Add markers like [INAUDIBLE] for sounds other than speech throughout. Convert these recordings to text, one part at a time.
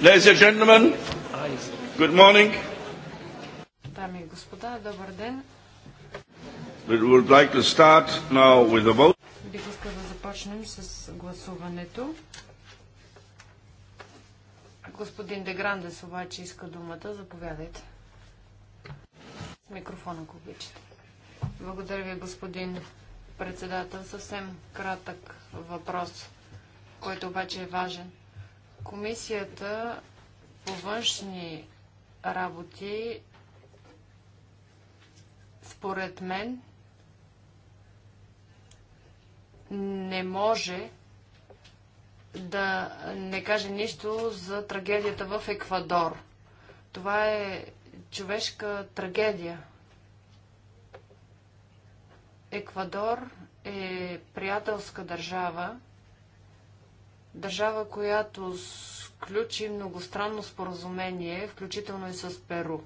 Ladies and gentlemen, good morning. Дами и господа, добър ден. We would like to start now with the vote. Бих искал да започнем с гласуването. Господин Деграндес обаче иска думата. Заповядайте. Микрофона, ако обичате. Благодаря ви, господин председател. Съвсем кратък въпрос, който обаче е важен. Комисията по външни работи, според мен, не може да не каже нищо за трагедията в Еквадор. Това е човешка трагедия. Еквадор е приятелска държава държава, която сключи многостранно споразумение, включително и с Перу.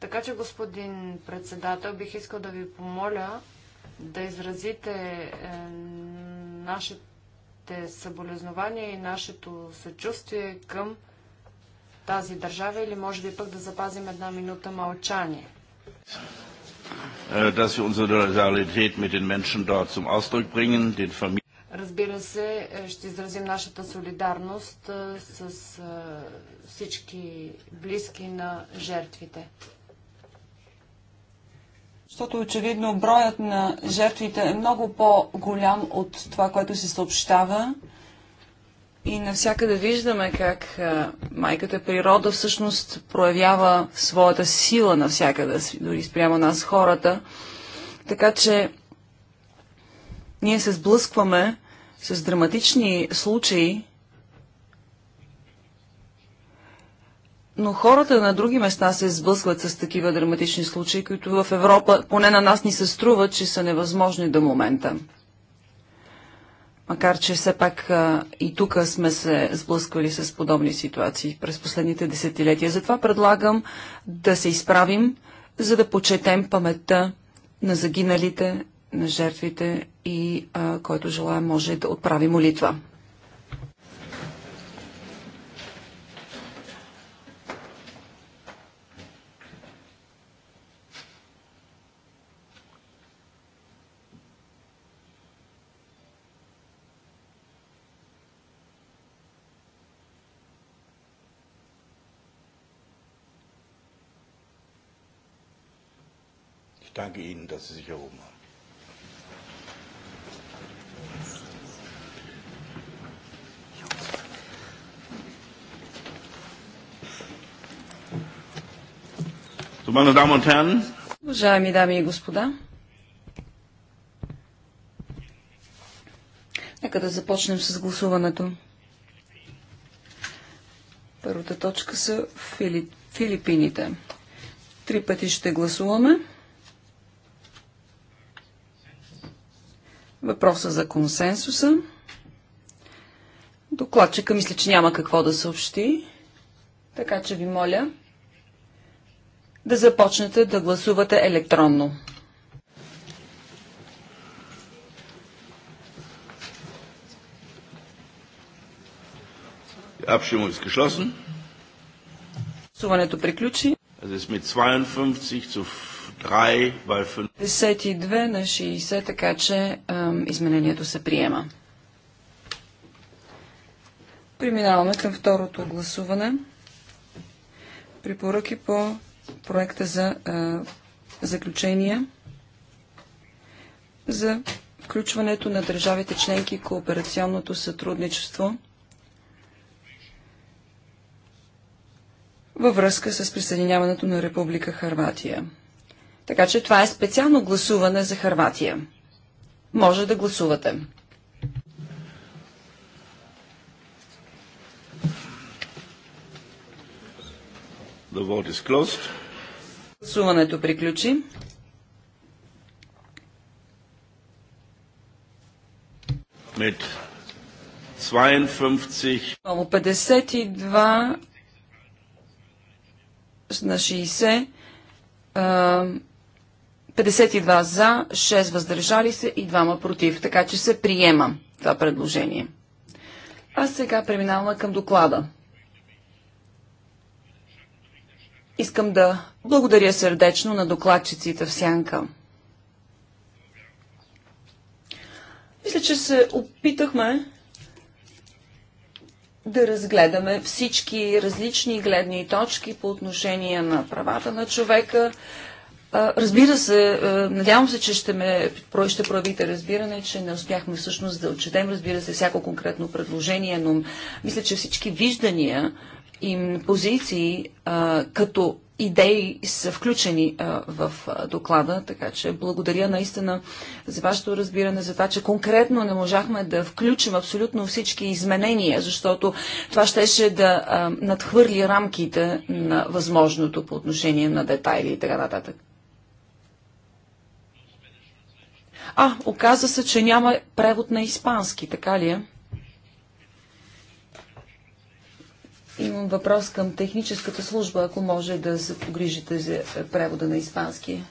Така че, господин председател, бих искал да ви помоля да изразите е, нашите съболезнования и нашето съчувствие към тази държава или може би пък да запазим една минута мълчание. Е, Dass wir unsere Solidarität mit den Menschen dort zum Ausdruck bringen, den Familien. Разбира се, е, ще изразим нашата солидарност е, с е, всички близки на жертвите. Защото очевидно броят на жертвите е много по-голям от това, което се съобщава. И навсякъде виждаме как майката природа всъщност проявява своята сила навсякъде, дори спрямо нас хората. Така че ние се сблъскваме с драматични случаи, но хората на други места се сблъскват с такива драматични случаи, които в Европа, поне на нас ни се струва, че са невъзможни до момента. Макар, че все пак а, и тук сме се сблъсквали с подобни ситуации през последните десетилетия. Затова предлагам да се изправим, за да почетем паметта на загиналите на жертвите и а, който желая може да отправи молитва. Ich danke Ihnen, dass Sie sich erhoben haben. Уважаеми дами и господа, нека да започнем с гласуването. Първата точка са Филипините. Три пъти ще гласуваме. Въпроса за консенсуса. Докладчика мисля, че няма какво да съобщи. Така че ви моля да започнете да гласувате електронно. Abstimmung ist е Гласуването приключи. 52 е на 60, така че э, изменението се приема. Преминаваме към второто гласуване. Препоръки по проекта за а, заключения за включването на държавите членки и кооперационното сътрудничество във връзка с присъединяването на Република Харватия. Така че това е специално гласуване за Харватия. Може да гласувате. The vote is closed. Гласуването приключи. Mit 52 52 на 60 52 за, 6 въздържали се и 2 против. Така че се приема това предложение. А сега преминаваме към доклада. Искам да благодаря сърдечно на докладчиците в Сянка. Мисля, че се опитахме да разгледаме всички различни гледни точки по отношение на правата на човека. Разбира се, надявам се, че ще, ме, ще проявите разбиране, че не успяхме всъщност да отчетем, разбира се, всяко конкретно предложение, но мисля, че всички виждания им позиции а, като идеи са включени а, в а, доклада, така че благодаря наистина за вашето разбиране, за това, че конкретно не можахме да включим абсолютно всички изменения, защото това щеше да а, надхвърли рамките на възможното по отношение на детайли и така нататък. А, оказа се, че няма превод на испански, така ли е? Имам въпрос към техническата служба, ако може да се погрижите за превода на испански.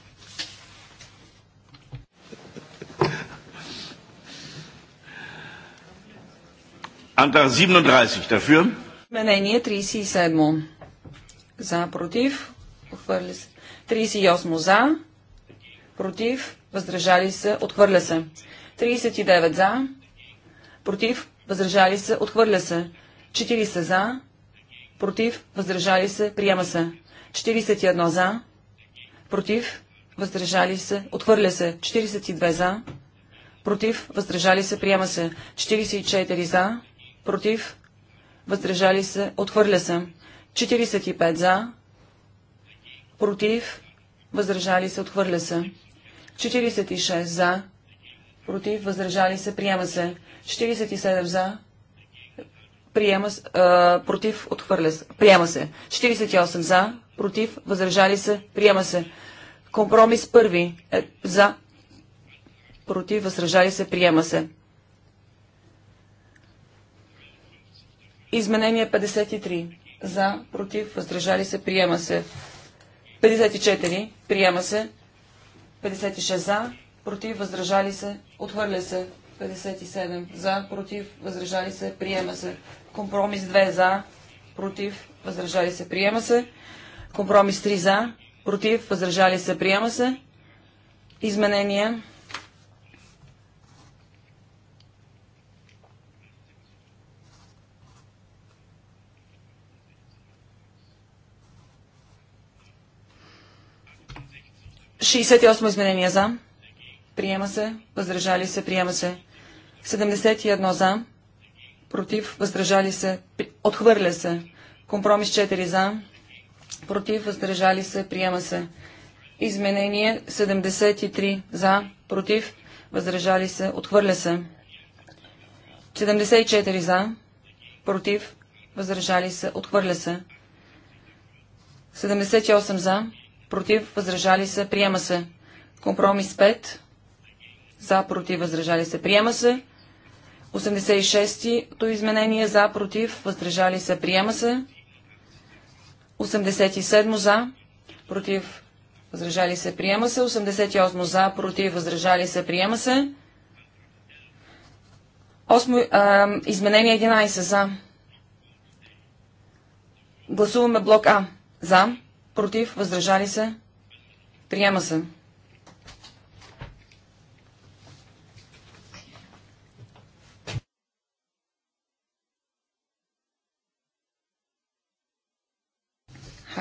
Антар 37 дафюр. Менение 37. За, против. Отхвърля се. 38 за. Против. Въздържали се. Отхвърля се. 39 за. Против. Въздържали се. Отхвърля се. 40 за против, въздържали се, приема се. 41 за, против, въздържали се, отхвърля се. 42 за, против, въздържали се, приема се. 44 за, против, въздържали се, отхвърля се. 45 за, против, въздържали се, отхвърля се. 46 за, против, въздържали се, приема се. 47 за, Приема, а, против, отхвърля се. Приема се. 48 за, против, възражали се, приема се. Компромис първи е, за, против, възражали се, приема се. Изменение 53. За, против, въздържали се, приема се. 54. Приема се. 56 за, против, въздържали се, отхвърля се. 57 за, против, възражали се, приема се. Компромис 2 за, против, възражали се, приема се. Компромис 3 за, против, възражали се, приема се. Изменения. Шестьдесят и изменения за. Приема се. Въздържали се. Приема се. 71 за. Против. Въздържали се. Отхвърля се. Компромис 4 за. Против. Въздържали се. Приема се. Изменение 73 за. Против. Въздържали се. Отхвърля се. 74 за. Против. Въздържали се. Отхвърля се. 78 за. Против. Въздържали се. Приема се. Компромис 5 за, против, въздържали се, приема се. 86-то изменение за, против, въздържали се, приема се. 87 за, против, въздържали се, приема се. 88 за, против, въздържали се, приема се. 8, изменение 11 за. Гласуваме блок А. За, против, въздържали се, приема се.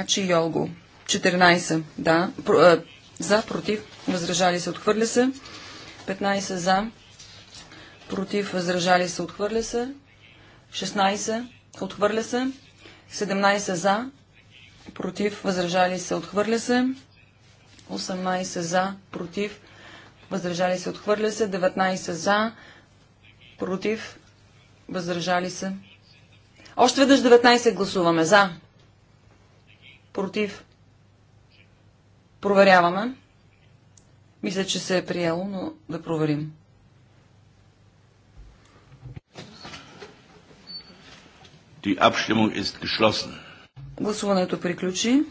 Ачи Йолго. 14 да, про, а, е, за, против, възражали се, отхвърля се. 15 за, против, възражали се, отхвърля се. 16 отхвърля се. 17 за, против, възражали се, отхвърля се. 18 за, против, възражали се, отхвърля се. 19 за, против, възражали се. Още веднъж 19 гласуваме за. Против. Проверяваме. Мисля, че се е приело, но да проверим. Die Abstimmung ist geschlossen. Гласуването приключи.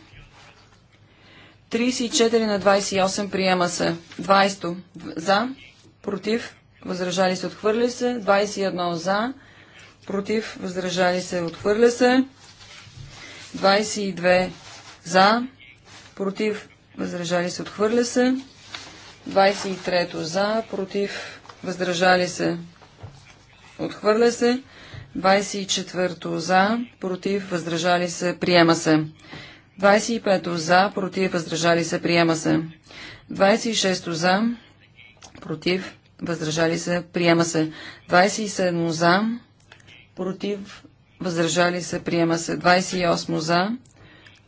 34 на 28 приема се. 20 за, против, въздържали се, отхвърли се. 21 за, против, въздържали се, отхвърля се. 22 за, против, въздържали се, отхвърля се. 23-то за, против, въздържали се, отхвърля се. 24-то за, против, въздържали се, приема се. 25-то за, против, въздържали се, приема се. 26-то за, против, въздържали се, приема се. 27 за, против, въздържали се, приема се. 28 за,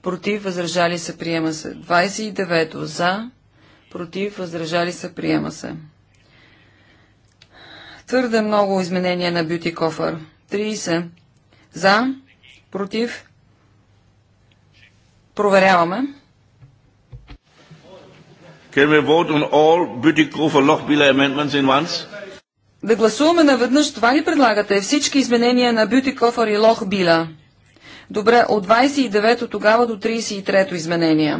против, въздържали се, приема се. 29 за, против, въздържали се, приема се. Твърде много изменения на бюти кофър. 30 за, против, проверяваме. Can we vote on all Lochbiller amendments in once? Да гласуваме наведнъж, това ни предлагате, всички изменения на Бютикофър и Лох Била. Добре, от 29-то тогава до 33-то изменение.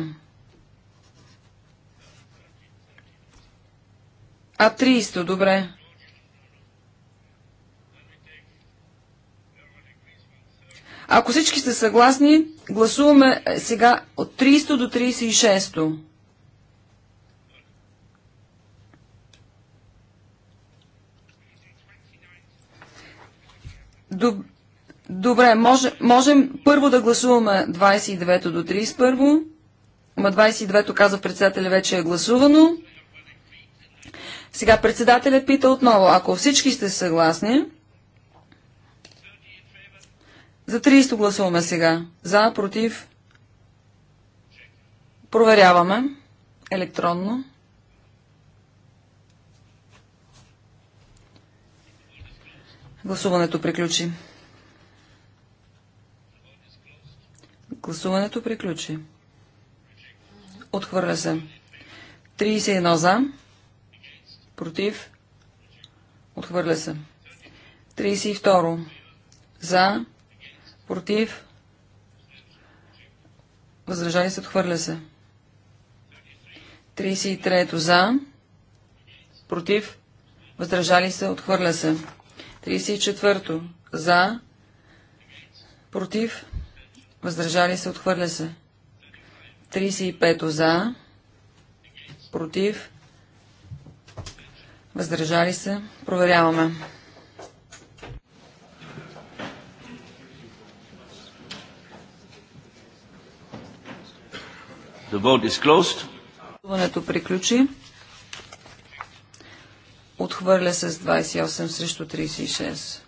А 30-то, добре. Ако всички сте съгласни, гласуваме сега от 300 до 36. Добре. Добре, може, можем първо да гласуваме 29-то до 31-во. Ма 29-то каза председателя вече е гласувано. Сега председателя пита отново, ако всички сте съгласни, за 30 гласуваме сега. За, против. Проверяваме електронно. Гласуването приключи. Гласуването приключи. Отхвърля се. 31 за. Против. Отхвърля се. 32. За. Против. Възражали се. Отхвърля се. 33. За. Против. Въздържали се. Отхвърля се. 34. За. Против. Въздържали се, отхвърля се. 35 за, против, въздържали се. Проверяваме. The vote is closed. Гласуването приключи. Отхвърля се с 28 срещу 36.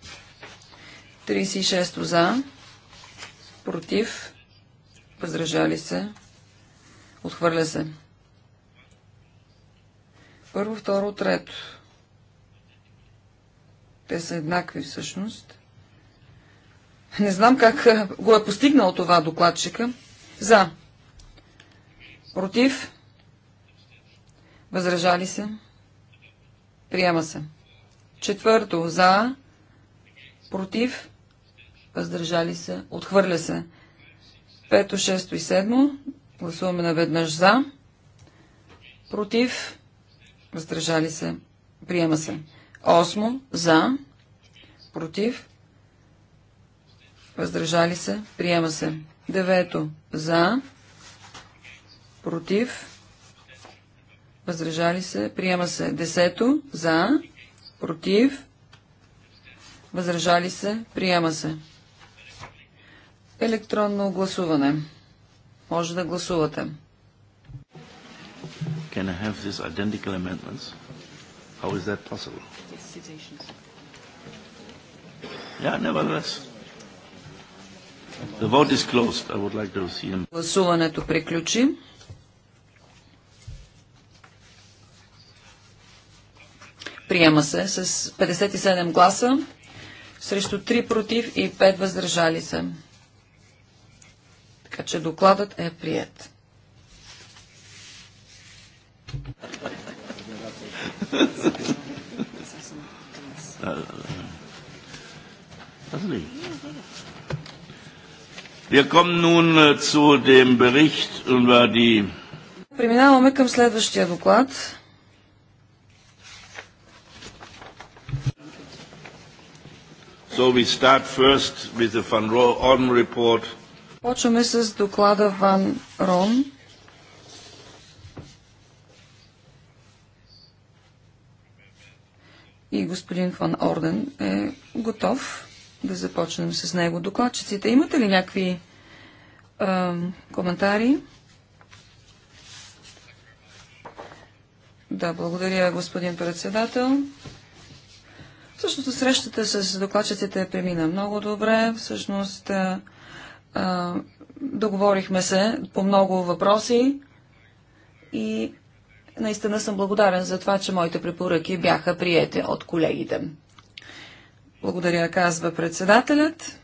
36 за против, въздържали се, отхвърля се. Първо, второ, трето. Те са еднакви всъщност. Не знам как го е постигнал това докладчика. За. Против. Възражали се. Приема се. Четвърто. За. Против въздържали се, отхвърля се. Пето, шесто и седмо. Гласуваме наведнъж за. Против, въздържали се, приема се. Осмо, за. Против, въздържали се, приема се. Девето, за. Против, въздържали се, приема се. Десето, за. Против, въздържали се, приема се електронно гласуване. Може да гласувате. Can I have these identical amendments? How is that possible? Yeah, nevertheless. The vote is closed. I would like to see them. Гласуването приключи. Приема се с 57 гласа срещу 3 против и 5 въздържали се. Така че докладът е прият. Äh, Преминаваме към следващия доклад. So we start first with the Van Roon report Започваме с доклада Ван Рон. И господин Ван Орден е готов да започнем с него. Докладчиците, имате ли някакви е, коментари? Да, благодаря, господин председател. Всъщност срещата с докладчиците премина много добре. Всъщност е, договорихме се по много въпроси и наистина съм благодарен за това, че моите препоръки бяха приети от колегите. Благодаря, казва председателят.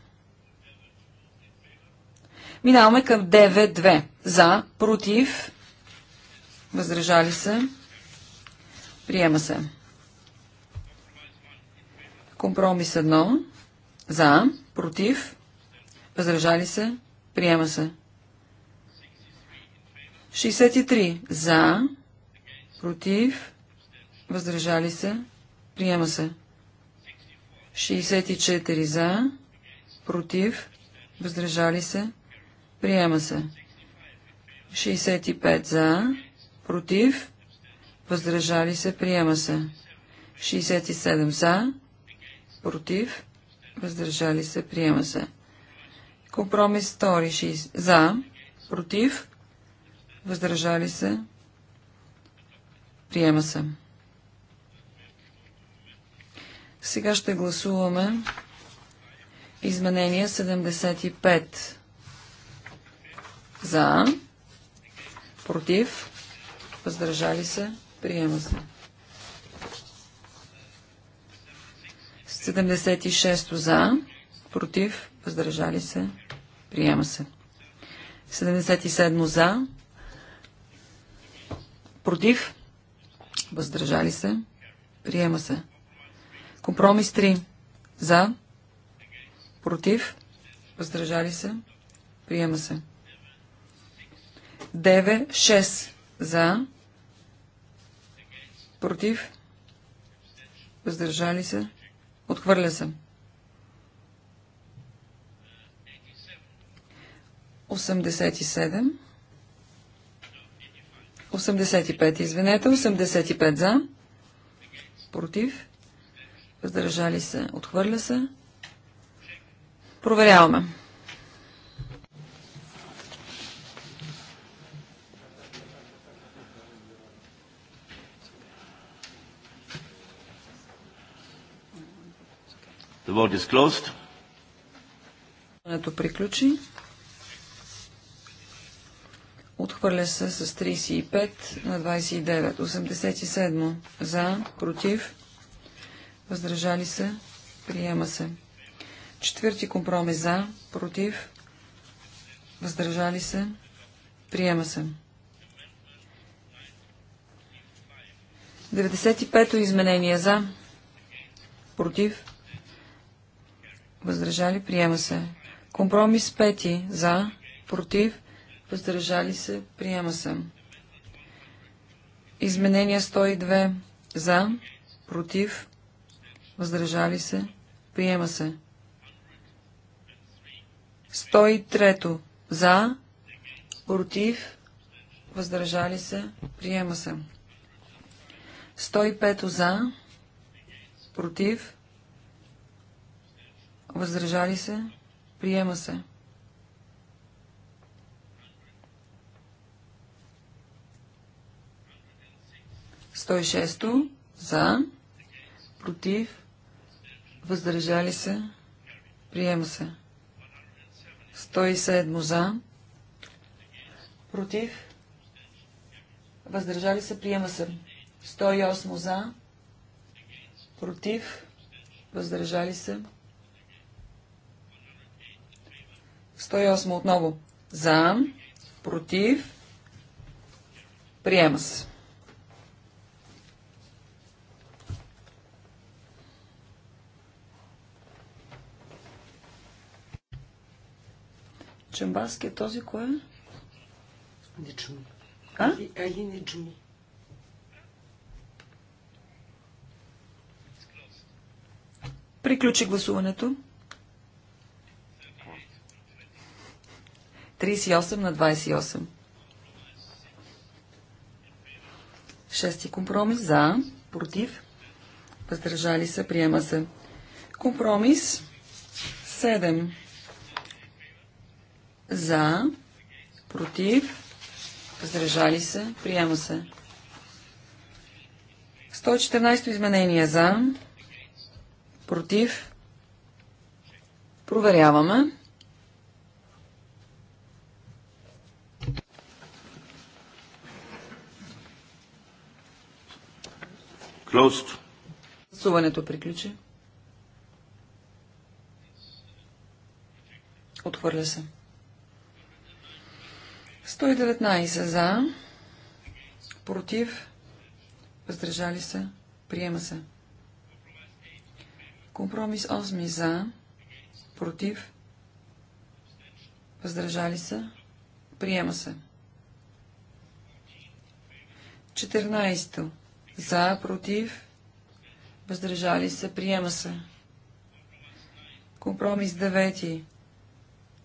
Минаваме към 9-2. За, против, въздържали се, приема се. Компромис 1. За, против, Въздържали се? Приема се. 63. За. Против. Въздържали се. Приема се. 64. За. Против. Въздържали се. Приема се. 65. За. Против. Въздържали се. Приема се. 67. За. Против. Въздържали се. Приема се. Компромис 2. За. Против. Въздържали се. Приема се. Сега ще гласуваме изменение 75. За. Против. Въздържали се. Приема се. 76 за. Против. Въздържали се. Приема се. 77 за. Против. Въздържали се. Приема се. Компромис 3. За. Против. Въздържали се. Приема се. 9, 6 за. Против. Въздържали се. Отхвърля се. 87. 85, извинете, 85 за. Против. Въздържали се. Отхвърля се. Проверяваме. The vote is closed. Приключи. Отхвърля се с 35 на 29. 87 за, против, въздържали се, приема се. Четвърти компромис за, против, въздържали се, приема се. 95-то изменение за, против, въздържали, приема се. Компромис 5 за, против, въздържали се, приема се. Изменение 102 за, против, въздържали се, приема се. 103 за, против, въздържали се, приема се. 105 за, против, въздържали се, приема се. 106 за, против, въздържали се, приема се. 107 за, против, въздържали се, приема се. 108 за, против, въздържали се. 108 отново. За, против, приема се. Чембаски е този кой е? Не чуми. А? Али не чуми. Приключи гласуването. 38 на 28. Шести компромис за, против, въздържали се, приема се. Компромис 7 за. Против. Въздържали се. Приема се. 114 изменение за. Против. Проверяваме. Closed. Гласуването приключи. Отхвърля се. 119 за, против, въздържали се, приема се. Компромис 8 за, против, въздържали се, приема се. 14 за, против, въздържали се, приема се. Компромис 9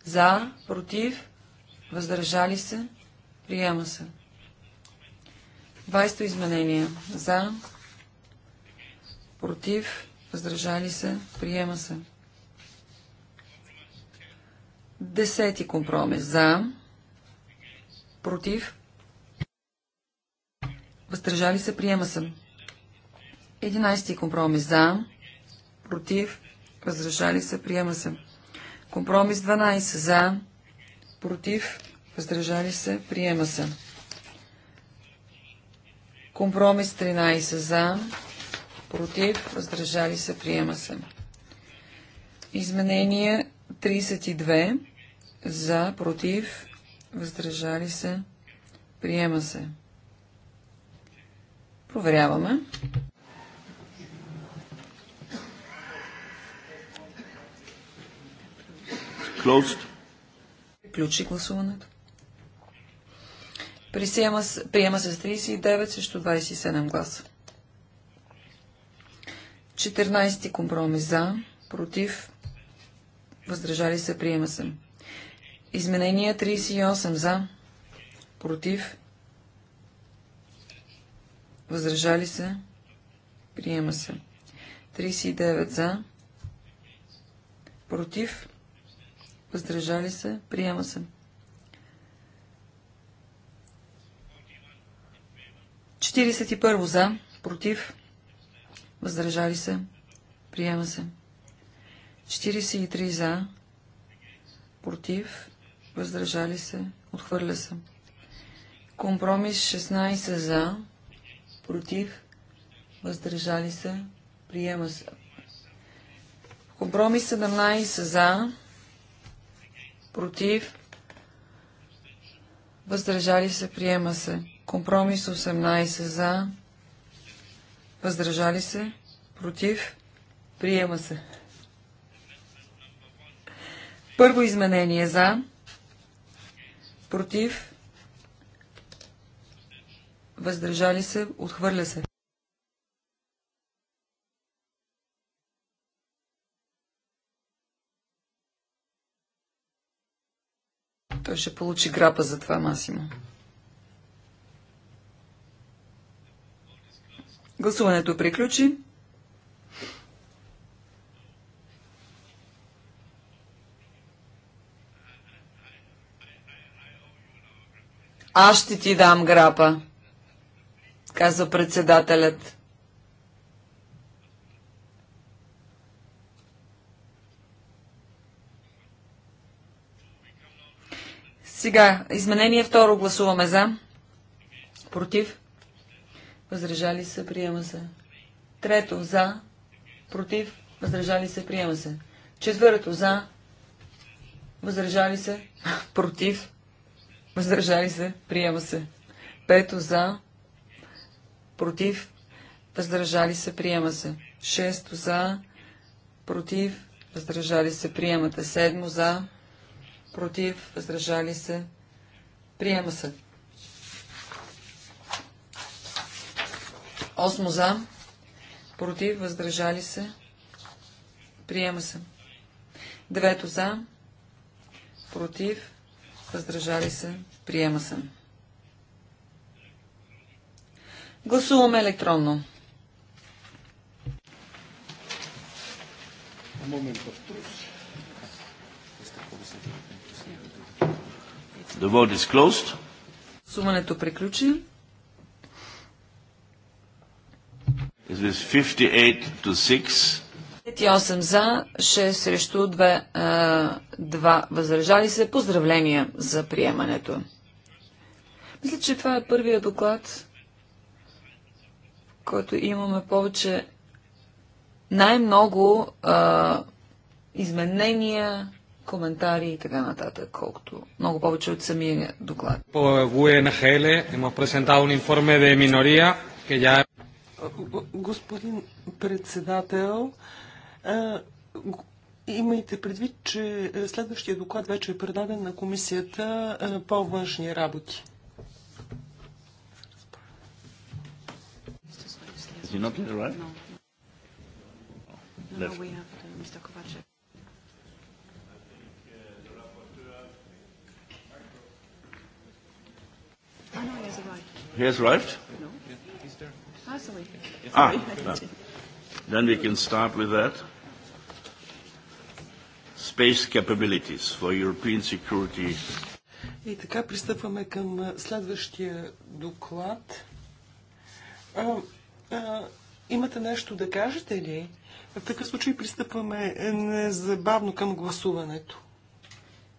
за, против, Въздържали се? Приема се. 20 изменение. За. Против. Въздържали се. Приема се. Десети компромис. За. Против. Въздържали се. Приема се. Единайсти компромис. За. Против. Въздържали се. Приема се. Компромис 12. За против, въздържали се, приема се. Компромис 13 за, против, въздържали се, приема се. Изменение 32 за, против, въздържали се, приема се. Проверяваме. Closed. Приключи гласуването. Присиема, приема се с 39 срещу 27 гласа. 14 компромис за, против, въздържали се, приема се. Изменение 38 за, против, въздържали се, приема се. 39 за, против, въздържали се, приема се. 41 за, против, въздържали се, приема се. 43 за, против, въздържали се, отхвърля се. Компромис 16 за, против, въздържали се, приема се. Компромис 17 за, против, въздържали се, приема се. Компромис 18 за, въздържали се, против, приема се. Първо изменение за, против, въздържали се, отхвърля се. Той ще получи грапа за това, Масимо. Гласуването приключи. Аз ще ти дам грапа, каза председателят. Сега, изменение второ гласуваме за. Против. Въздържали се, приема се. Трето, за. Против. Въздържали се, приема се. Четвърто, за. Въздържали се. [LAUGHS] Против. Въздържали се, приема се. Пето, за. Против. Въздържали се, приема се. Шесто, за. Против. Въздържали се, приемате. Седмо, за против, въздържали се, приема се. Осмо за, против, въздържали се, приема се. Девето за, против, въздържали се, приема се. Гласуваме електронно. Момент в трус. The vote is closed. Сумането приключи. It is 58 to 6. 58 за, 6 срещу 2, 2 възражали се. Поздравления за приемането. Мисля, че това е първият доклад, който имаме повече най-много изменения, коментари и така нататък, колкото много повече от самия доклад. По ВНХЛ hemos презентал un информе de minoría que ya... Господин председател, Имайте предвид, че следващия доклад вече е предаден на комисията по външни работи. No, no, we have to, uh, Mr. No, oh, no, he has arrived. He has arrived? No. He's there. Ah, sorry. [LAUGHS] then we can start with that. Space capabilities for European security. И така пристъпваме към следващия доклад. А, а, имате нещо да кажете ли? В такъв случай пристъпваме е, незабавно към гласуването.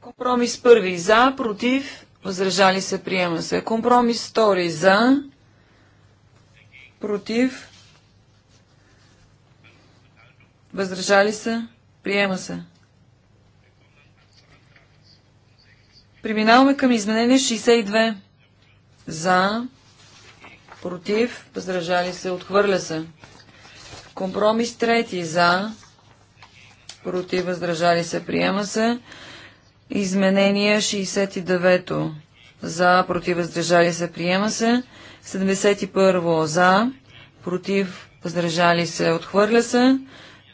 Компромис първи за, против, Въздържали се, приема се. Компромис 2 за. Против. Въздържали се, приема се. Преминаваме към изменение 62. За. Против. Въздържали се, отхвърля се. Компромис 3 за. Против. Въздържали се, приема се. Изменение 69-то. За, против, въздържали се, приема се. 71-во за, против, въздържали се, отхвърля се.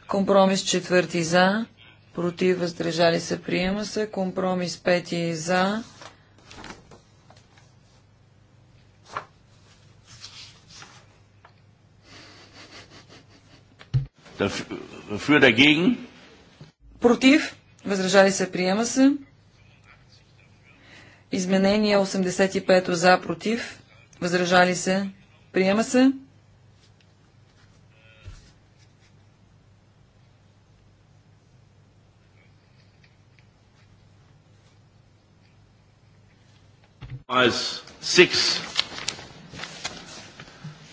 Компромис 4 за, против, въздържали се, приема се. Компромис 5 за, Dafür Против? Възражали се, приема се. Изменение 85 за, против. Възражали се, приема се. As six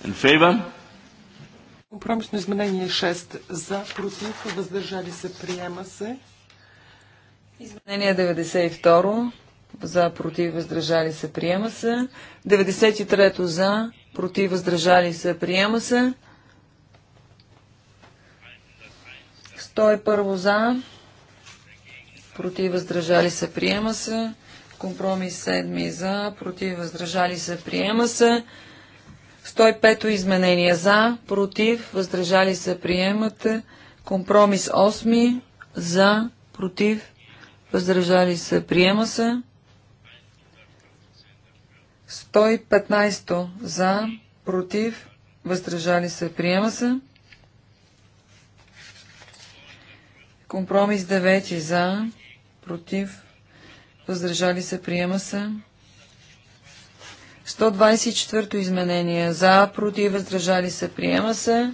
in favor. Компромисно изменение 6 за, против, въздържали се, приема се. Изменение 92 за, против, въздържали се, приема се. 93-то за, против, въздържали се, приема се. 101 за, против, въздържали се, приема се. Компромис 7 за, против, въздържали се, приема се. 105-то изменение за, против, въздържали се, приемате. Компромис 8 за, против, въздържали се, приема се. 115 за, против, въздържали се, приема се. Компромис 9 за, против, въздържали се, приема се. 124 изменение за, против, въздържали се, приема се.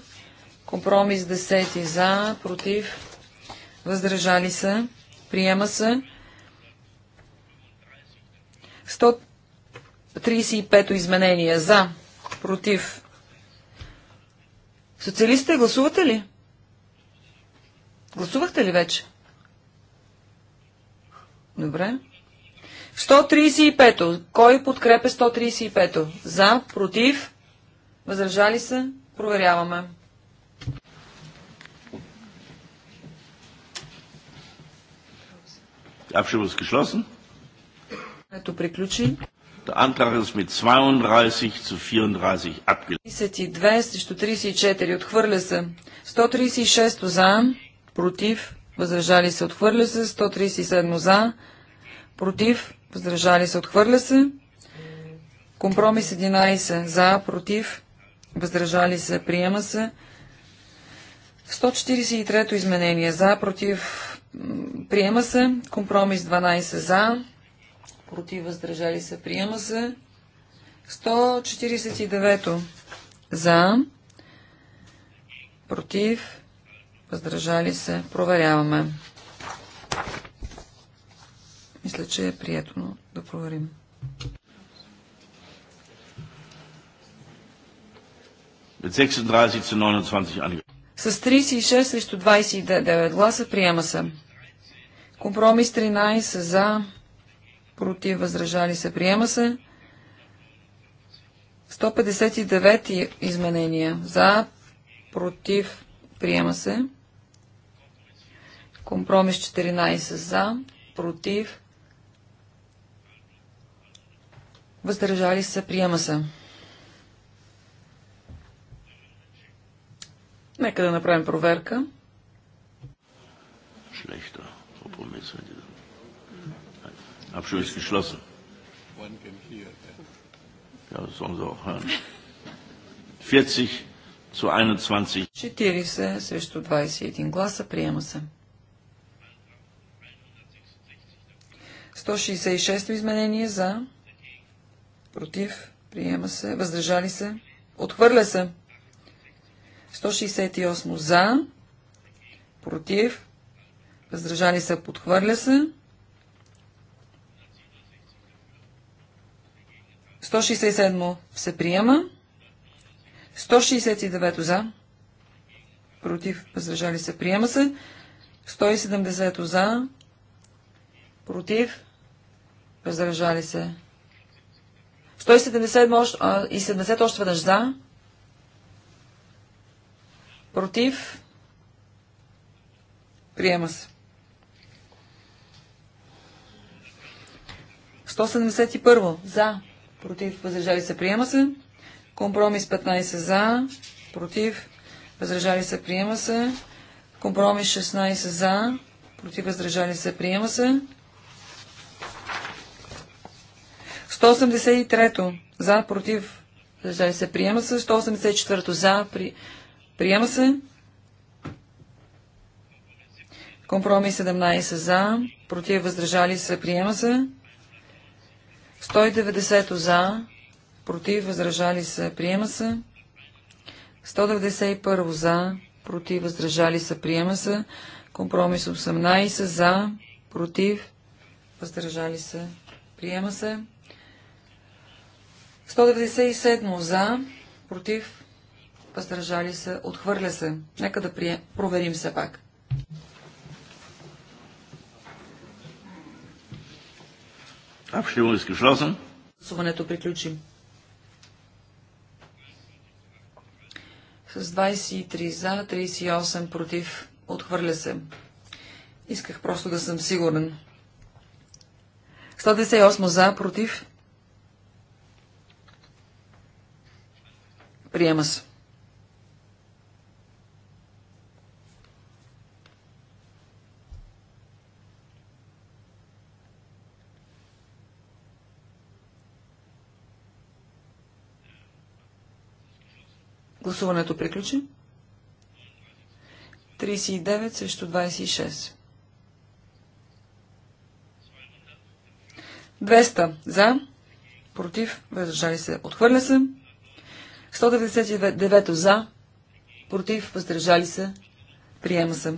Компромис 10 за, против, въздържали се, Приема се. 135-то изменение. За. Против. Социалистите, гласувате ли? Гласувахте ли вече? Добре. 135-то. Кой подкрепя 135-то? За, против, възражали се, проверяваме. Die Abstimmung ist geschlossen. Der Antrag ist mit 32 zu 34 abgelehnt. срещу отхвърля се. 136 за, против, въздържали се, отхвърля се. 137 за, против, въздържали се, отхвърля се. Компромис 11 за, против, въздържали се, приема се. 143 изменение за, против, Приема се. Компромис 12 за. Против въздържали се. Приема се. 149 за. Против. Въздържали се. Проверяваме. Мисля, че е приятно да проверим. Mit 36 zu 29 angekommen. С 36 срещу 29 гласа приема се. Компромис 13 за, против, възражали се, приема се. 159 изменения за, против, приема се. Компромис 14 за, против, въздържали се, приема се. Нека да направим проверка. Schlechter. Kompromiss. Abstimmung ist Ja, das sollen Sie auch hören. 40 zu 21. 40 срещу 21 гласа приема се. 166 изменение за, против, приема се, въздържали се, отхвърля се. 168 за, против, въздържали се, подхвърля се. 167 се приема. 169 за, против, въздържали се, приема се. 170 за, против, въздържали се. 170 и 70 още веднъж за, Против. Приема се. 171. За. Против. Въздържали се. Приема се. Компромис 15 за. Против. Въздържали се. Приема се. Компромис 16 за. Против. Въздържали се. Приема се. 183. За. Против. Въздържали се. Приема се. 184. За. При... Приема се. Компромис 17 за, против въздържали се, приема се. 190 за, против въздържали се, приема се. 191 за, против въздържали се, приема се. Компромис 18 за, против въздържали се, приема се. 197 за, против въздържали се, отхвърля се. Нека да прием. проверим все пак. Гласуването приключи. С 23 за, 38 против, отхвърля се. Исках просто да съм сигурен. 128 за, против. Приема се. Гласуването приключи. 39 срещу 26. 200 за, против, въздържали се, отхвърля се. 199 за, против, въздържали се, приема се.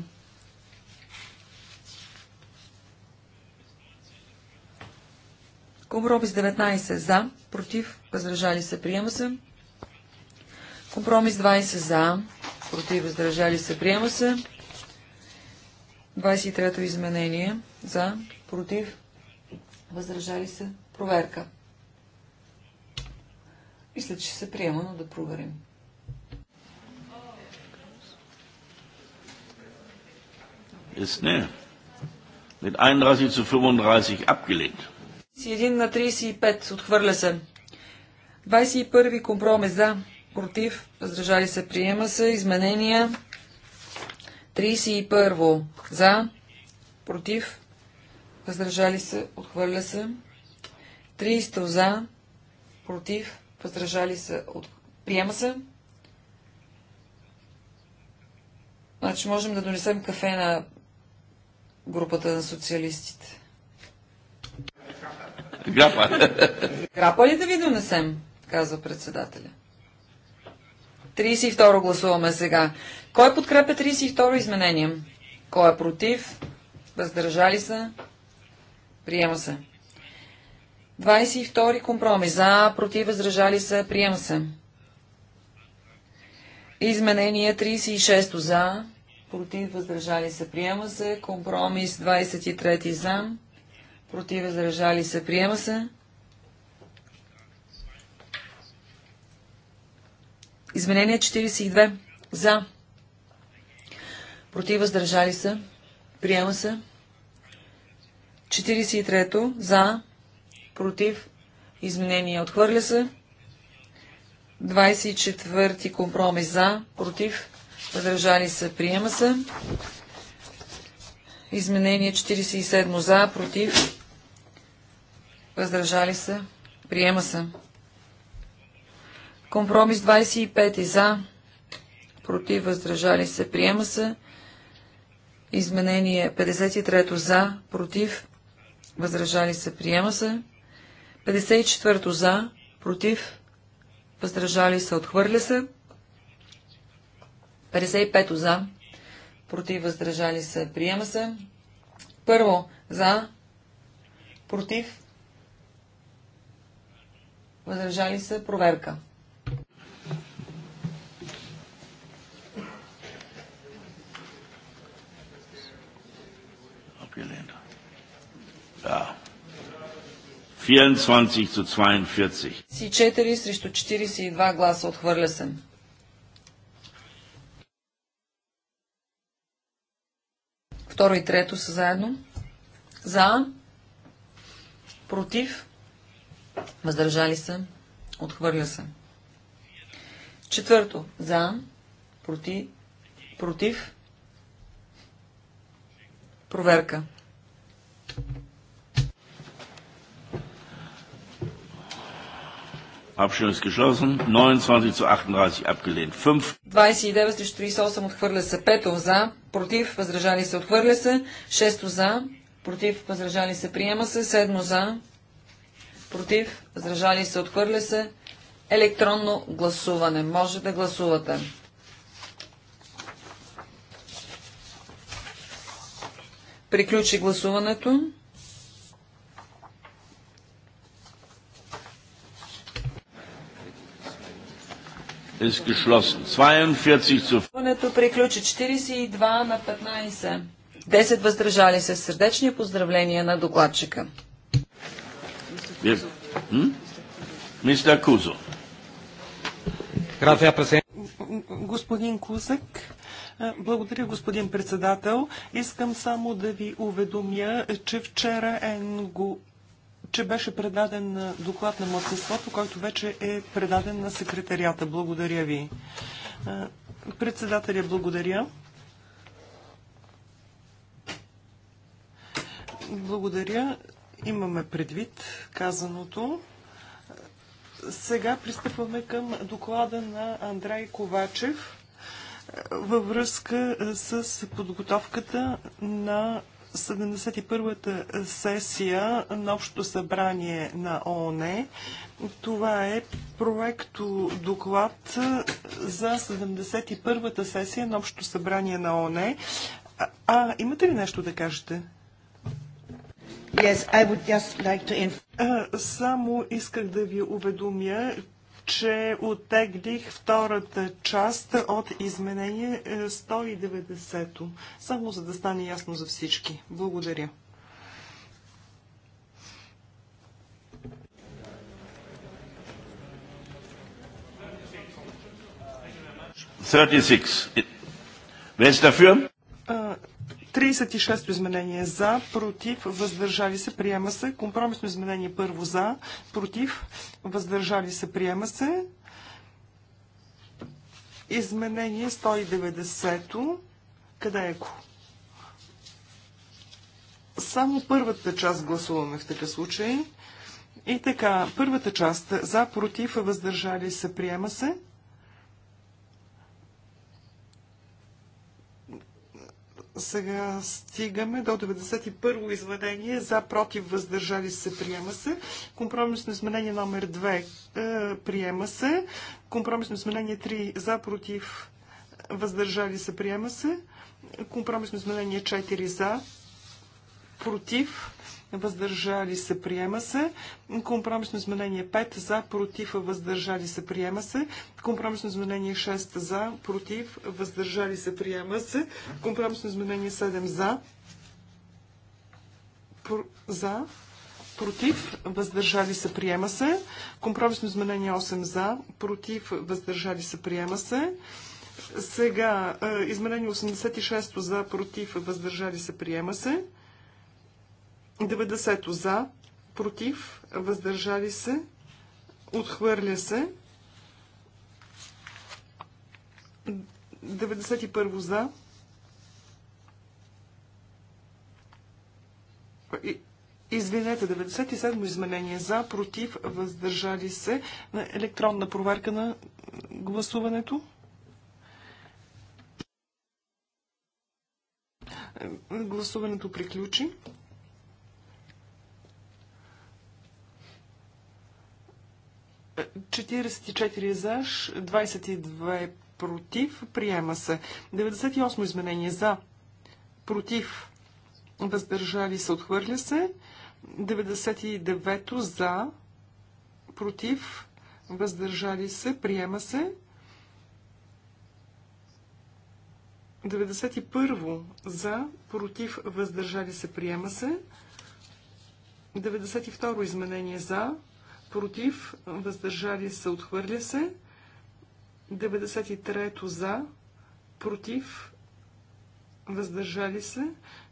Компромис 19 за, против, въздържали се, приема се. Компромис 20 за, против, въздържали се, приема се. 23-то изменение за, против, въздържали се, проверка. Мисля, че се приема, но да проверим. Ist ne. 31 zu 35 abgelehnt. С 1 на 35 отхвърля се. 21 компромис за, против, въздържали се, приема се. Изменения 31 за, против, въздържали се, отхвърля се. 30 за, против, въздържали се, от... приема се. Значи можем да донесем кафе на групата на социалистите. Грапа. Грапа ли да ви донесем? казва председателя. 32 гласуваме сега. Кой подкрепя 32 изменение? Кой е против? Въздържали се? Приема се. 22 компромис. За, против, въздържали се, приема се. Изменение 36 за, против, въздържали се, приема се. Компромис 23 за, против, въздържали се, приема се. Изменение 42. За. Против въздържали се. Приема се. 43-то. За. Против. Изменение отхвърля се. 24-ти компромис за. Против. Въздържали се. Приема се. Изменение 47 за. Против. Въздържали се. Приема се. Компромис 25 е за, против, въздържали се, приема се. Изменение 53 за, против, въздържали се, приема се. 54 за, против, въздържали се, отхвърля се. 55 за, против, въздържали се, приема се. Първо за, против, въздържали се, проверка. Ja. 24 zu 4 срещу 42 гласа отхвърля се. Второ и трето са заедно. За. Против. Въздържали се. Отхвърля се. Четвърто. За. Против. Против. Проверка. Abstimmung geschlossen. 29 zu 38 abgelehnt. 5. 29 38 отхвърля се. 5 за, против, въздържали се, отхвърля се. 6 за, против, въздържали се, приема се. 7 за, против, въздържали се, отхвърля се. Електронно гласуване. Може да гласувате. Приключи гласуването. ist geschlossen. 42 zu... приключи 42 на 15. 10 въздържали се. Сърдечни поздравления на докладчика. Мистер Кузо. Господин Кузък, благодаря, господин председател. Искам само да ви уведомя, че вчера Енго че беше предаден доклад на младсенството, който вече е предаден на секретарията. Благодаря ви. Председателя, благодаря. Благодаря. Имаме предвид казаното. Сега пристъпваме към доклада на Андрей Ковачев във връзка с подготовката на 71-та сесия на Общото събрание на ООН. Това е проекто доклад за 71-та сесия на Общото събрание на ООН. А, а имате ли нещо да кажете? Yes, I would just like to... Само исках да ви уведомя, че оттеглих втората част от изменение 190 е, Само за да стане ясно за всички. Благодаря. Wer 36-то изменение за, против, въздържали се, приема се. Компромисно изменение първо за, против, въздържали се, приема се. Изменение 190-то. Къде е го? Само първата част гласуваме в такъв случай. И така, първата част за, против, въздържали се, приема се. Сега стигаме до 91-во изведение за против въздържали се приема се. Компромисно изменение номер 2 е, приема се. Компромисно изменение 3 за против въздържали се приема се. Компромисно изменение 4 за против въздържали се, приема се. Компромисно изменение 5 за, против, въздържали се, приема се. Компромисно изменение 6 за, против, въздържали се, приема се. Компромисно изменение 7 за, пр за, против, въздържали се, приема се. Компромисно изменение 8 за, против, въздържали се, приема се. Сега, е, изменение 86 за, против, въздържали се, приема се. 90 за, против, въздържали се, отхвърля се. 91 за. Извинете, 97 изменение за, против, въздържали се. Електронна проверка на гласуването. Гласуването приключи. 44 за, 22 против. Приема се. 98 изменение за, против. Въздържали се, отхвърля се. 99 за, против. Въздържали се, приема се. 91 за, против, въздържали се, приема се. 92 изменение за, против, въздържали се, отхвърля се. 93-то за, против, въздържали се,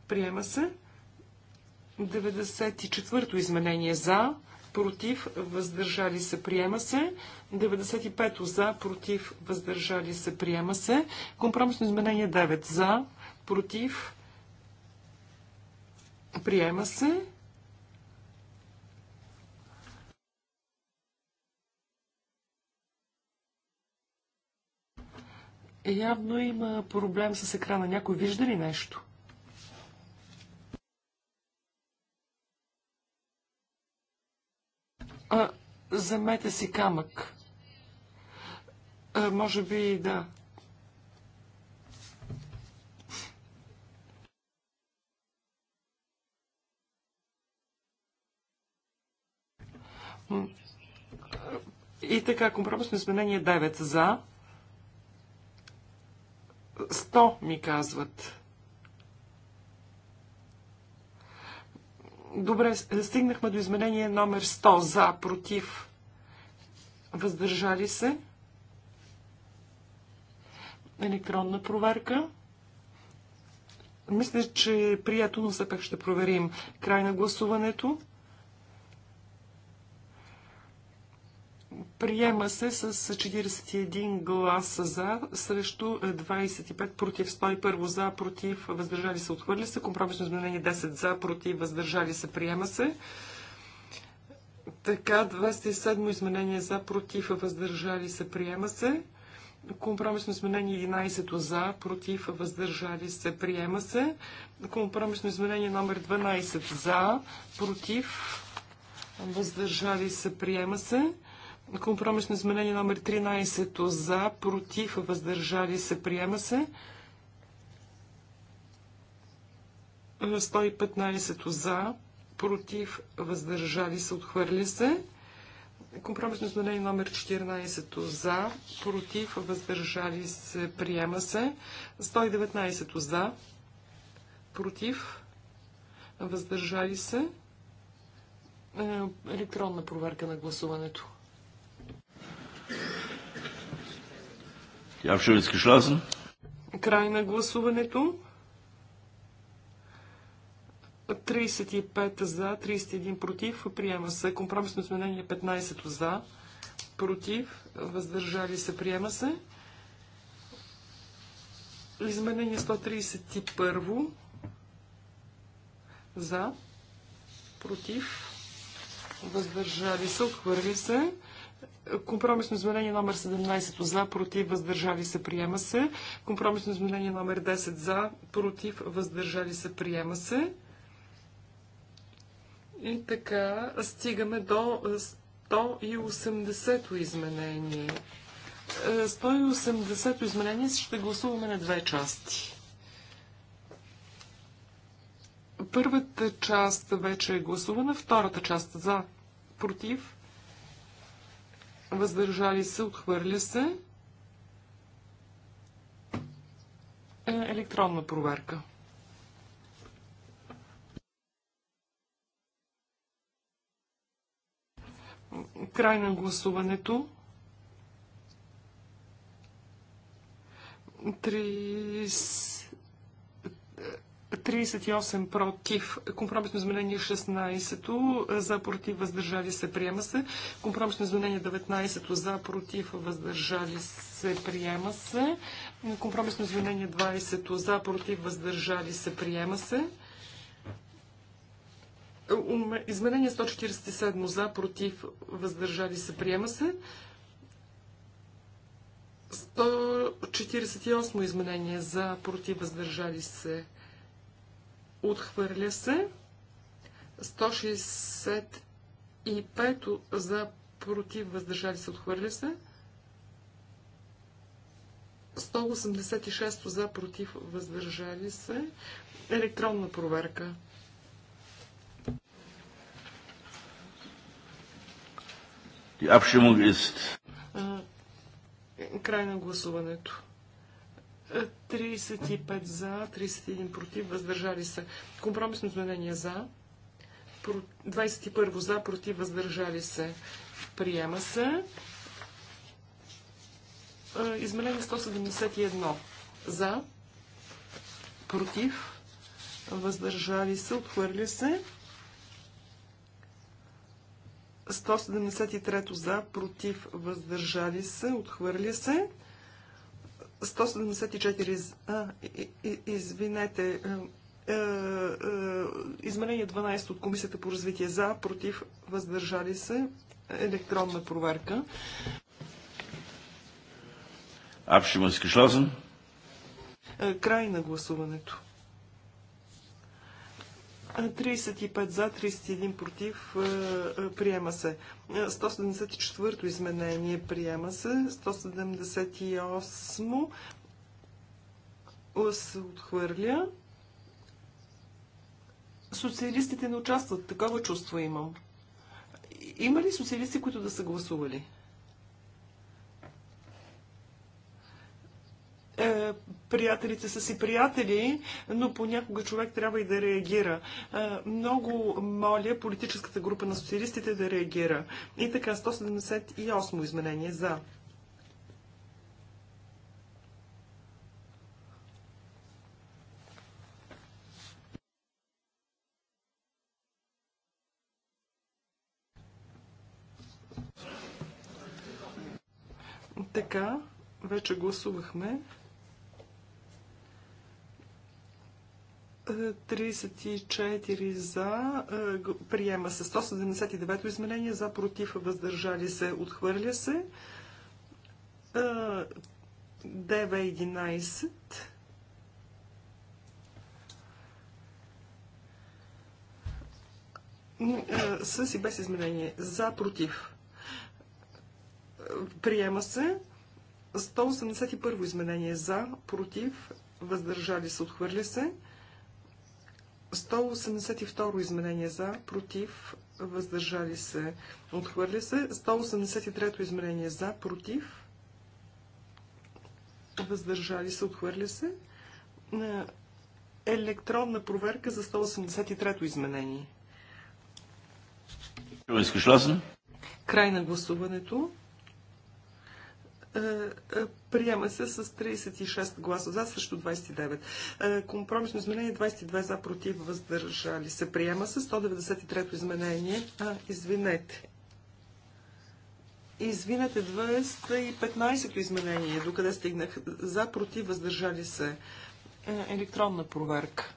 приема се. 94-то изменение за, против, въздържали се, приема се. 95-то за, против, въздържали се, приема се. Компромисно изменение 9 за, против, приема се. Е, явно има проблем с екрана. Някой вижда ли нещо? А, замете си камък. А, може би да. И така, компромисно изменение 9 за 100 ми казват. Добре, стигнахме до изменение номер 100. За, против, въздържали се. Електронна проверка. Мисля, че е приятно, но все пак ще проверим край на гласуването. Приема се с 41 гласа за, срещу 25 против 101 за, против въздържали се, отхвърли се. Компромисно изменение 10 за, против въздържали се, приема се. Така, 27 изменение за, против въздържали се, приема се. Компромисно изменение 11 за, против въздържали се, приема се. Компромисно изменение номер 12 за, против въздържали се, приема се. Компромисно изменение номер 13 за, против, въздържали се, приема се. 115 за, против, въздържали се, отхвърли се. Компромисно изменение номер 14 за, против, въздържали се, приема се. 119 за, против, въздържали се. Е, електронна проверка на гласуването. Край на гласуването. 35 за, 31 против. Приема се. Компромисно изменение 15 за, против. Въздържали се. Приема се. Изменение 131 за, против. Въздържали се. Отхвърли се. Компромисно изменение номер 17 за, против, въздържали се, приема се. Компромисно изменение номер 10 за, против, въздържали се, приема се. И така стигаме до 180-то изменение. 180-то е, изменение ще гласуваме на две части. Първата част вече е гласувана, втората част за, против, въздържали се, отхвърля се. Е, електронна проверка. Край на гласуването. 30 38 против. Компромисно изменение 16 за против въздържали се приема се. Компромисно изменение 19 за против въздържали се приема се. Компромисно изменение 20 за против въздържали се приема се. Изменение 147 за против въздържали се приема се. 148 изменение за против въздържали се Отхвърля се. 165 за против, въздържали се, отхвърля се. 186 за против, въздържали се. Електронна проверка. Die Abstimmung ist. Край на гласуването. 35 за, 31 против, въздържали се. Компромисно изменение за. 21 за, против, въздържали се. Приема се. Изменение 171 за, против, въздържали се, отхвърли се. 173 за, против, въздържали се, отхвърли се. 174, а, извинете, е, е, е, изменение 12 от Комисията по развитие за, против, въздържали се, електронна проверка. Абшимански шлазен. Край на гласуването. 35 за, 31 против, е, е, приема се. 174-то е, изменение приема се. 178 се отхвърля. Социалистите не участват. Такова чувство имам. Има ли социалисти, които да са гласували? Е, приятелите са си приятели, но понякога човек трябва и да реагира. Е, много моля политическата група на социалистите да реагира. И така, 178 изменение за. Така, вече гласувахме. 34 за, е, приема се 179 изменение, за, против, въздържали се, отхвърля се. 9.11 е, е, със и без изменение. За, против. Приема се 181 изменение за, против, въздържали се, отхвърля се. 182 изменение за, против, въздържали се, отхвърля се. 183 изменение за, против, въздържали се, отхвърля се. Електронна проверка за 183-то изменение. Край на гласуването. Е, е, приема се с 36 гласа за срещу 29. Е, компромисно изменение 22 за против въздържали се. Приема се 193 изменение. А, извинете. Извинете 215 изменение. Докъде стигнах? За против въздържали се. Електронна проверка.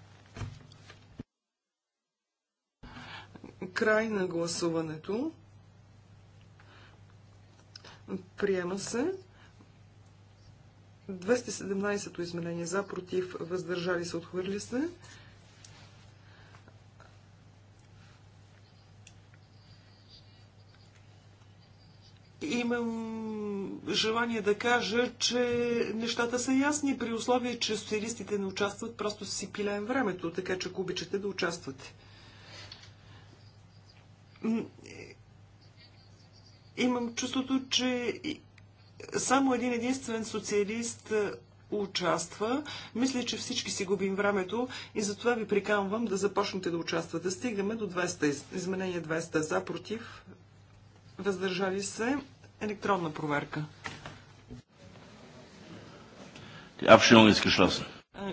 Край на гласуването. Приема се. 217-то изменение за, против, въздържали се, отхвърли се. Имам желание да кажа, че нещата са ясни при условие, че социалистите не участват, просто си пилеем времето, така че ако обичате да участвате Имам чувството, че само един единствен социалист е, участва. Мисля, че всички си губим времето и затова ви приканвам да започнете да участвате. Стигаме до 200, изменение 200 за, против, въздържали се, електронна проверка.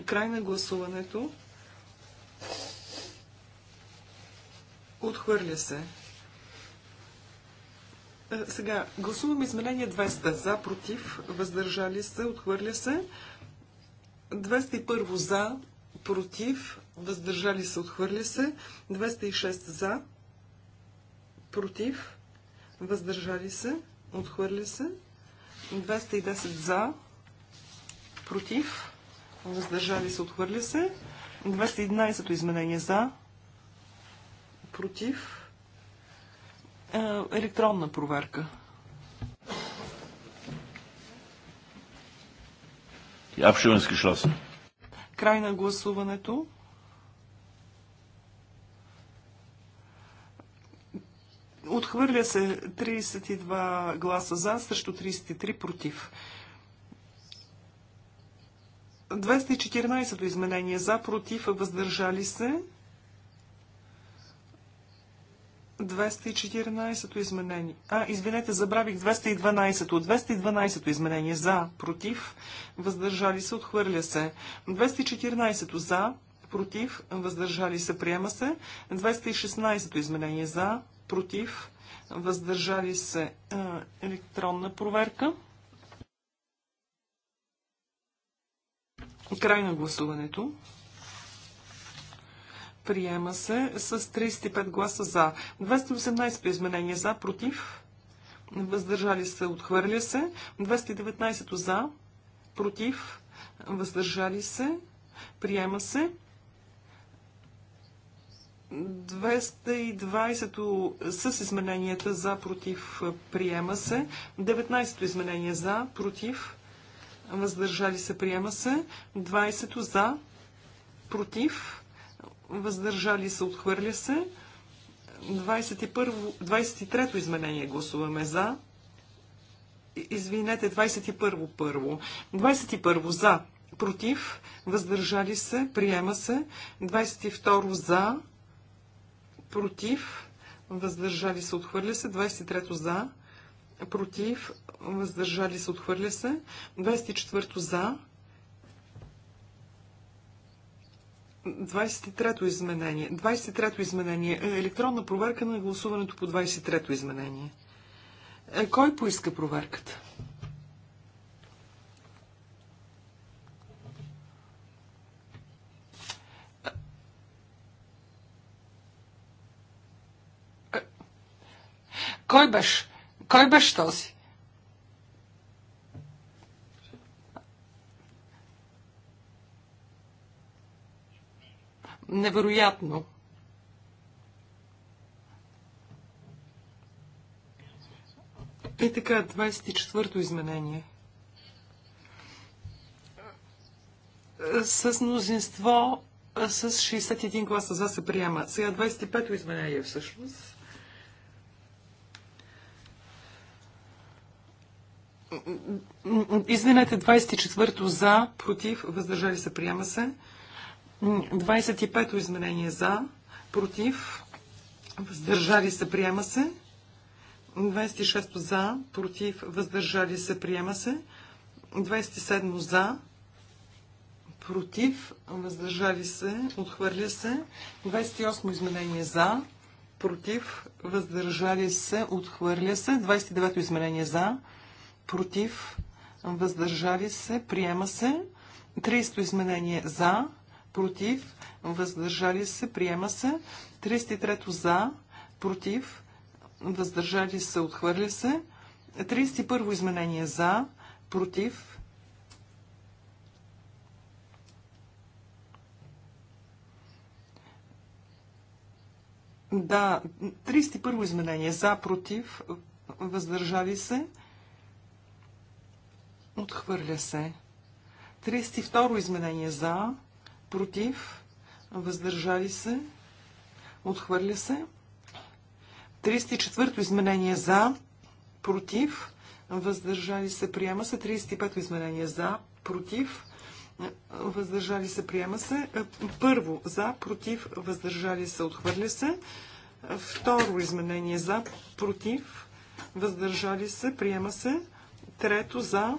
Край на гласуването. Отхвърля се. Е, сега, гласуваме изменение 200. За, против, въздържали се, отхвърля се. 201 за, против, въздържали се, отхвърля се. 206 за, против, въздържали се, отхвърля се. 210 за, против, въздържали се, отхвърля се. 211 изменение за, против, е, електронна проверка. Край на гласуването. Отхвърля се 32 гласа за срещу 33 против. 214 изменение за, против, въздържали се. 214-то изменение. А, извинете, забравих 212-то. 212-то изменение за, против, въздържали се, отхвърля се. 214-то за, против, въздържали се, приема се. 216-то изменение за, против, въздържали се, електронна проверка. Край на гласуването. Приема се с 35 гласа за. 218 изменения за, против. Въздържали се, отхвърля се. 219 за, против. Въздържали се. Приема се. 220 с измененията за, против, приема се. 19 изменение за, против, въздържали се, приема се. 20 за, против, въздържали се, отхвърля се. 21, 23-то изменение гласуваме за. Извинете, 21-во първо. 21-во за, против, въздържали се, приема се. 22-ро за, против, въздържали се, отхвърля се. 23-то за, против, въздържали се, отхвърля се. 24-то за, 23-то изменение. 23-то изменение. Е, електронна проверка на гласуването по 23-то изменение. Е, кой поиска проверката? Е, кой беше? Кой беше този? невероятно. И така, 24-то изменение. С мнозинство с 61 гласа за се приема. Сега 25-то изменение всъщност. Извинете, 24-то за, против, въздържали се, приема се. 25 изменение за, против, въздържали се, приема се. 26 за, против, въздържали се, приема се. 27 за, против, въздържали се, отхвърля се. 28 изменение за, против, въздържали се, отхвърля се. 29 изменение за, против, въздържали се, приема се. 30 изменение за, против, въздържали се, приема се. 33 за, против, въздържали се, отхвърля се. 31 изменение за, против. Да, 31 изменение за, против, въздържали се, отхвърля се. 32 изменение за, против, въздържали се, отхвърля се. 34-то изменение за, против, въздържали се, приема се. 35-то изменение за, против, въздържали се, приема се. Първо, за, против, въздържали се, отхвърля се. Второ изменение за, против, въздържали се, приема се. Трето за,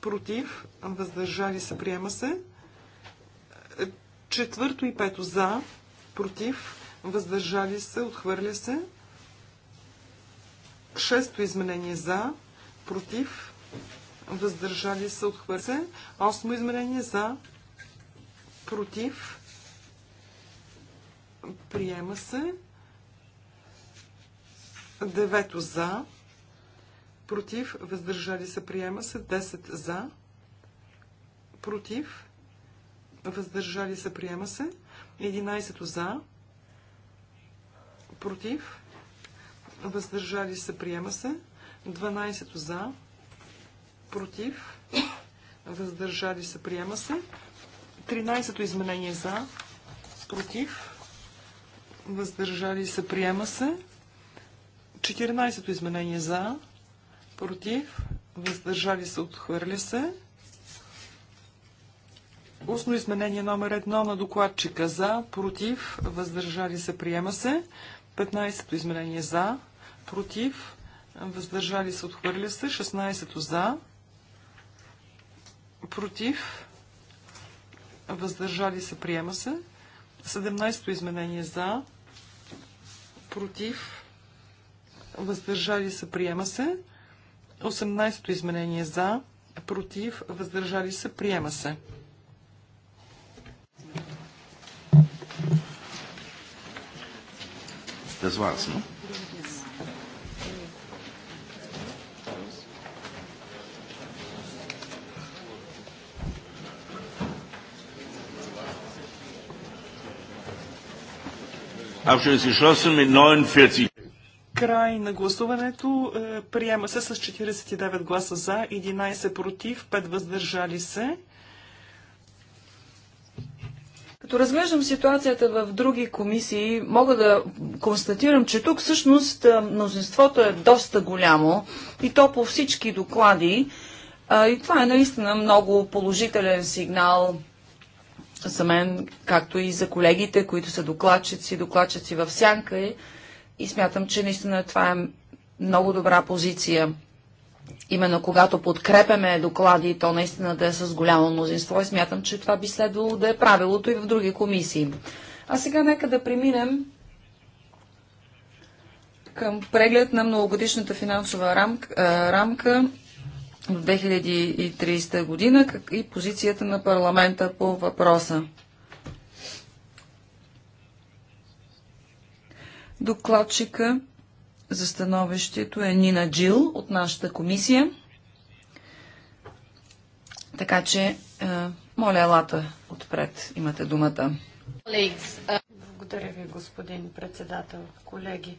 против, въздържали се, приема се. Четвърто и пето за, против, въздържали се, отхвърля се. Шесто изменение за, против, въздържали се, отхвърля се. Осмо изменение за, против, приема се. Девето за, против, въздържали се, приема се. Десет за, против, въздържали се, приема се. 11 за, против, въздържали се, приема се. 12 за, против, въздържали се, приема се. 13-то изменение за, против, въздържали се, приема се. 14-то изменение за, против, въздържали се, отхвърля се. Устно изменение номер едно на докладчика за, против, въздържали се, приема се. 15-то изменение за, против, въздържали се, отхвърля се. 16-то за, против, въздържали се, приема се. 17-то изменение за, против, въздържали се, приема се. 18-то изменение за, против, въздържали се, приема се. Das war's, ne? Абсолютно шосен Край на гласуването е, приема се с 49 гласа за, 11 против, 5 въздържали се. Като разглеждам ситуацията в други комисии, мога да констатирам, че тук всъщност мнозинството е доста голямо и то по всички доклади. и това е наистина много положителен сигнал за мен, както и за колегите, които са докладчици, докладчици в сянка. И смятам, че наистина това е много добра позиция именно когато подкрепяме доклади, то наистина да е с голямо мнозинство и смятам, че това би следвало да е правилото и в други комисии. А сега нека да преминем към преглед на многогодишната финансова рамка, а, рамка в 2030 година как и позицията на парламента по въпроса. Докладчика за становището е Нина Джил от нашата комисия. Така че, е, моля, елата отпред, имате думата. Благодаря ви, господин председател, колеги.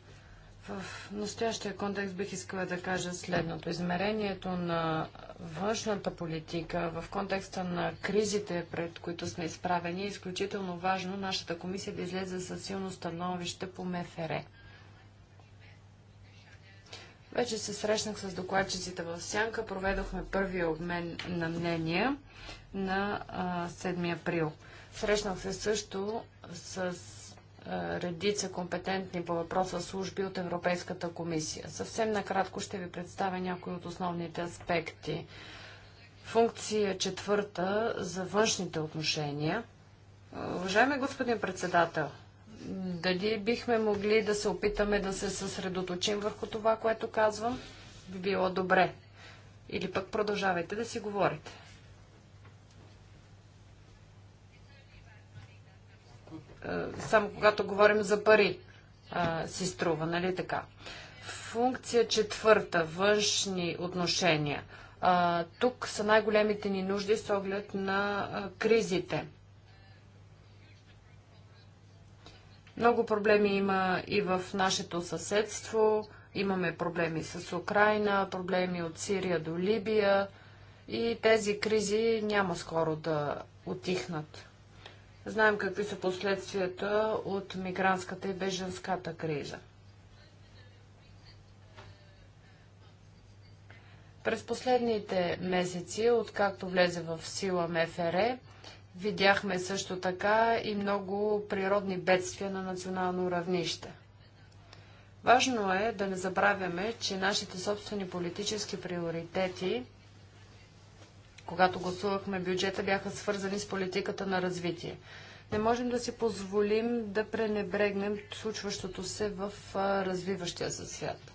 В настоящия контекст бих искала да кажа следното. Измерението на външната политика в контекста на кризите, пред които сме изправени, е изключително важно нашата комисия да излезе със силно становище по МФР. Вече се срещнах с докладчиците в Сянка, проведохме първия обмен на мнения на 7 април. Срещнах се също с редица компетентни по въпроса служби от Европейската комисия. Съвсем накратко ще ви представя някои от основните аспекти. Функция четвърта за външните отношения. Уважаеми господин председател, дали бихме могли да се опитаме да се съсредоточим върху това, което казвам? Би било добре. Или пък продължавайте да си говорите. Е, само когато говорим за пари, е, си струва, нали така? Функция четвърта външни отношения. Е, тук са най-големите ни нужди с оглед на кризите. Много проблеми има и в нашето съседство. Имаме проблеми с Украина, проблеми от Сирия до Либия и тези кризи няма скоро да отихнат. Знаем какви са последствията от мигрантската и беженската криза. През последните месеци, откакто влезе в сила МФР, Видяхме също така и много природни бедствия на национално равнище. Важно е да не забравяме, че нашите собствени политически приоритети, когато гласувахме бюджета, бяха свързани с политиката на развитие. Не можем да си позволим да пренебрегнем случващото се в развиващия се свят.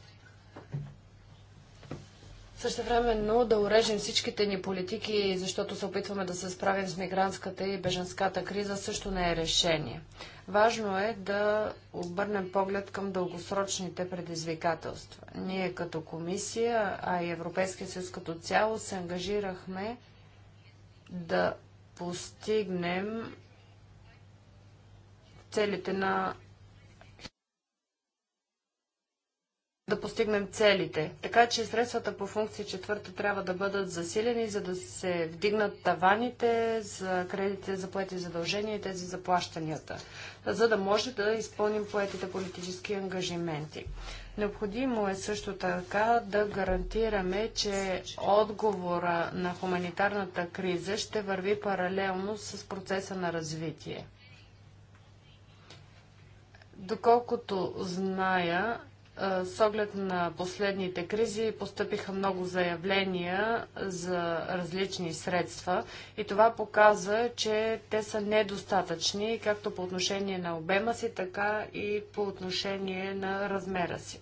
Също времено да урежем всичките ни политики, защото се опитваме да се справим с мигрантската и беженската криза, също не е решение. Важно е да обърнем поглед към дългосрочните предизвикателства. Ние като комисия, а и Европейския съюз като цяло се ангажирахме да постигнем целите на да постигнем целите. Така че средствата по функция четвърта трябва да бъдат засилени, за да се вдигнат таваните за кредитите за поети задължения и тези заплащанията. за да може да изпълним поетите политически ангажименти. Необходимо е също така да гарантираме, че отговора на хуманитарната криза ще върви паралелно с процеса на развитие. Доколкото зная, с оглед на последните кризи постъпиха много заявления за различни средства и това показа, че те са недостатъчни както по отношение на обема си, така и по отношение на размера си.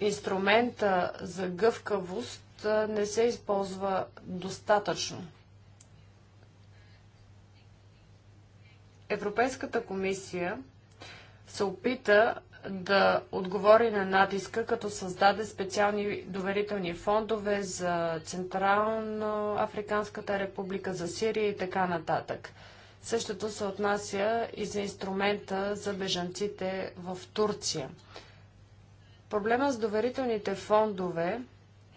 Инструмента за гъвкавост не се използва достатъчно. Европейската комисия се опита да отговори на натиска, като създаде специални доверителни фондове за Централно Африканската република, за Сирия и така нататък. Същото се отнася и за инструмента за бежанците в Турция. Проблема с доверителните фондове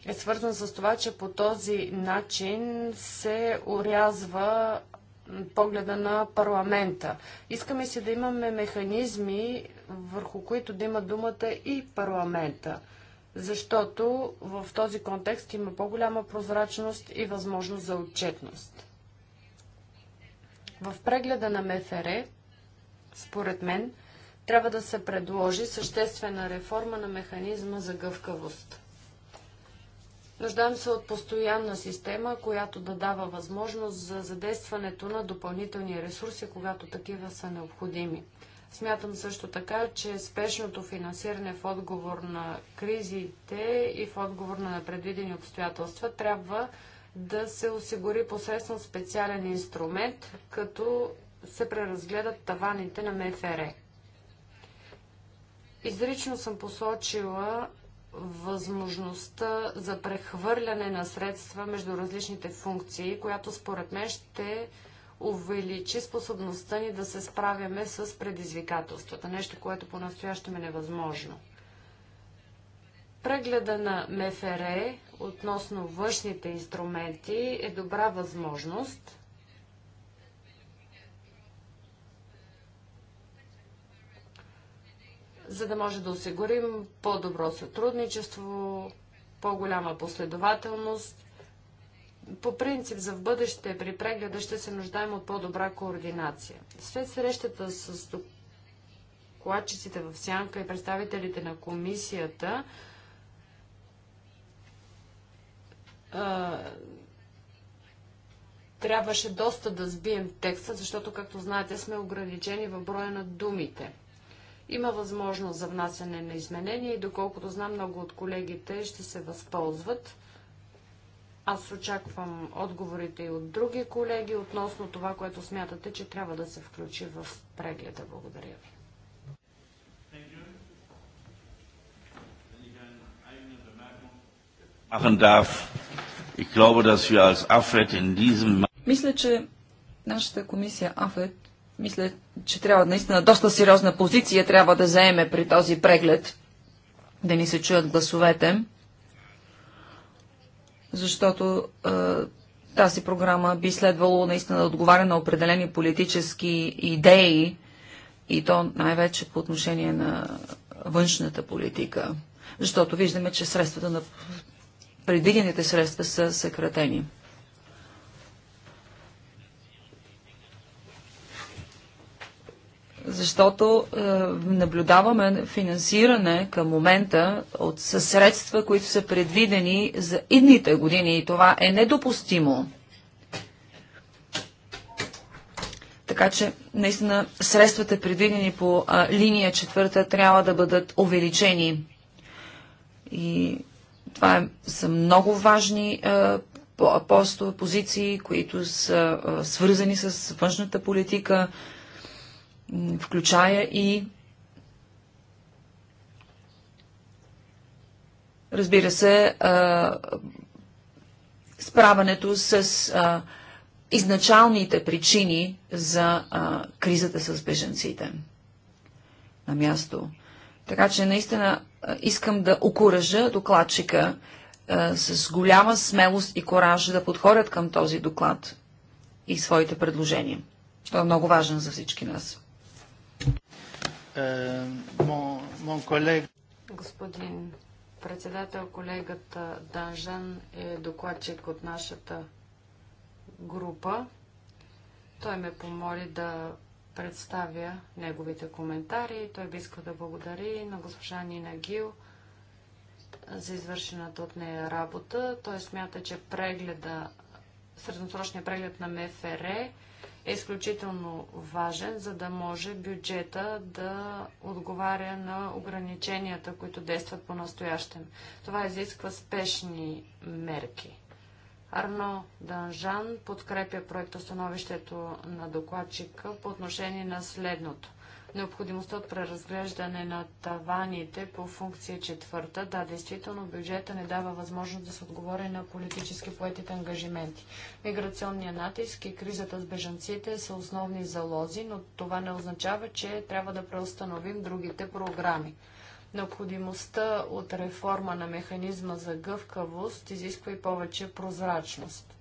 е свързан с това, че по този начин се урязва погледа на парламента. Искаме се да имаме механизми, върху които да има думата и парламента, защото в този контекст има по-голяма прозрачност и възможност за отчетност. В прегледа на МФР, според мен, трябва да се предложи съществена реформа на механизма за гъвкавост. Нуждаем се от постоянна система, която да дава възможност за задействането на допълнителни ресурси, когато такива са необходими. Смятам също така, че спешното финансиране в отговор на кризите и в отговор на предвидени обстоятелства трябва да се осигури посредством специален инструмент, като се преразгледат таваните на МФР. Изрично съм посочила възможността за прехвърляне на средства между различните функции, която според мен ще увеличи способността ни да се справяме с предизвикателствата. Нещо, което по-настоящем е невъзможно. Прегледа на МФР относно външните инструменти е добра възможност за да може да осигурим по-добро сътрудничество, по-голяма последователност. По принцип за в бъдеще при прегледа ще се нуждаем от по-добра координация. След срещата с докладчиците в Сянка и представителите на комисията, трябваше доста да сбием текста, защото, както знаете, сме ограничени в броя на думите – има възможност за внасяне на изменения и доколкото знам, много от колегите ще се възползват. Аз очаквам отговорите и от други колеги относно това, което смятате, че трябва да се включи в прегледа. Благодаря ви. Мисля, че нашата комисия АФЕТ мисля, че трябва наистина доста сериозна позиция трябва да заеме при този преглед, да ни се чуят гласовете, защото е, тази програма би следвало наистина да отговаря на определени политически идеи и то най-вече по отношение на външната политика, защото виждаме, че средствата на предвидените средства са съкратени. защото е, наблюдаваме финансиране към момента от със средства, които са предвидени за идните години и това е недопустимо. Така че, наистина, средствата предвидени по а, линия четвърта трябва да бъдат увеличени. И това е, са много важни а, постове, позиции, които са а, свързани с външната политика, включая и разбира се, справането с изначалните причини за кризата с беженците на място. Така че наистина искам да окоръжа докладчика с голяма смелост и кораж да подходят към този доклад и своите предложения. Той е много важен за всички нас. Мон колег. Господин председател, колегата Данжан е докладчик от нашата група. Той ме помоли да представя неговите коментари. Той би искал да благодари на госпожа Нина Гил за извършената от нея работа. Той смята, че прегледа, средносрочният преглед на МФР е изключително важен, за да може бюджета да отговаря на ограниченията, които действат по-настоящем. Това изисква спешни мерки. Арно Данжан подкрепя проекта становището на докладчика по отношение на следното необходимостта от преразглеждане на таваните по функция четвърта. Да, действително бюджета не дава възможност да се отговори на политически поетите ангажименти. Миграционният натиск и кризата с бежанците са основни залози, но това не означава, че трябва да преустановим другите програми. Необходимостта от реформа на механизма за гъвкавост изисква и повече прозрачност.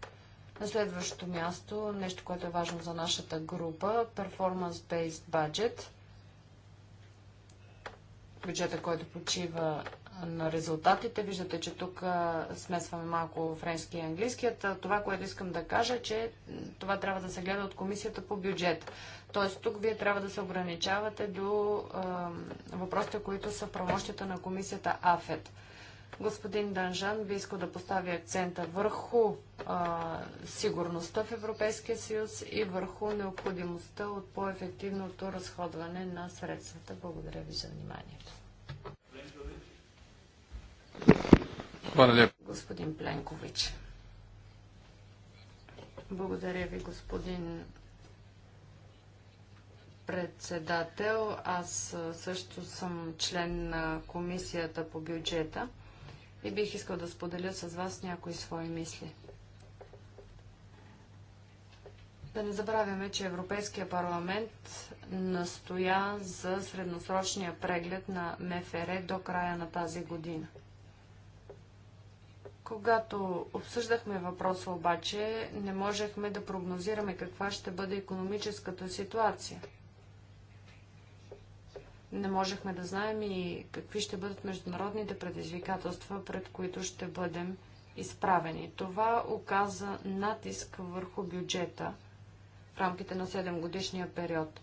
На следващото място, нещо, което е важно за нашата група, Performance Based Budget бюджета, който почива на резултатите. Виждате, че тук смесваме малко френски и английският. Това, което искам да кажа, е, че това трябва да се гледа от комисията по бюджет. Тоест тук вие трябва да се ограничавате до е, въпросите, които са правомощията на комисията АФЕД. Господин Данжан би искал да постави акцента върху а, сигурността в Европейския съюз и върху необходимостта от по-ефективното разходване на средствата. Благодаря ви за вниманието. Господин Пленкович. Благодаря ви, господин председател. Аз също съм член на комисията по бюджета и бих искал да споделя с вас някои свои мисли. Да не забравяме, че Европейския парламент настоя за средносрочния преглед на МФР до края на тази година. Когато обсъждахме въпроса обаче, не можехме да прогнозираме каква ще бъде економическата ситуация. Не можехме да знаем и какви ще бъдат международните предизвикателства, пред които ще бъдем изправени. Това оказа натиск върху бюджета – в рамките на 7 годишния период.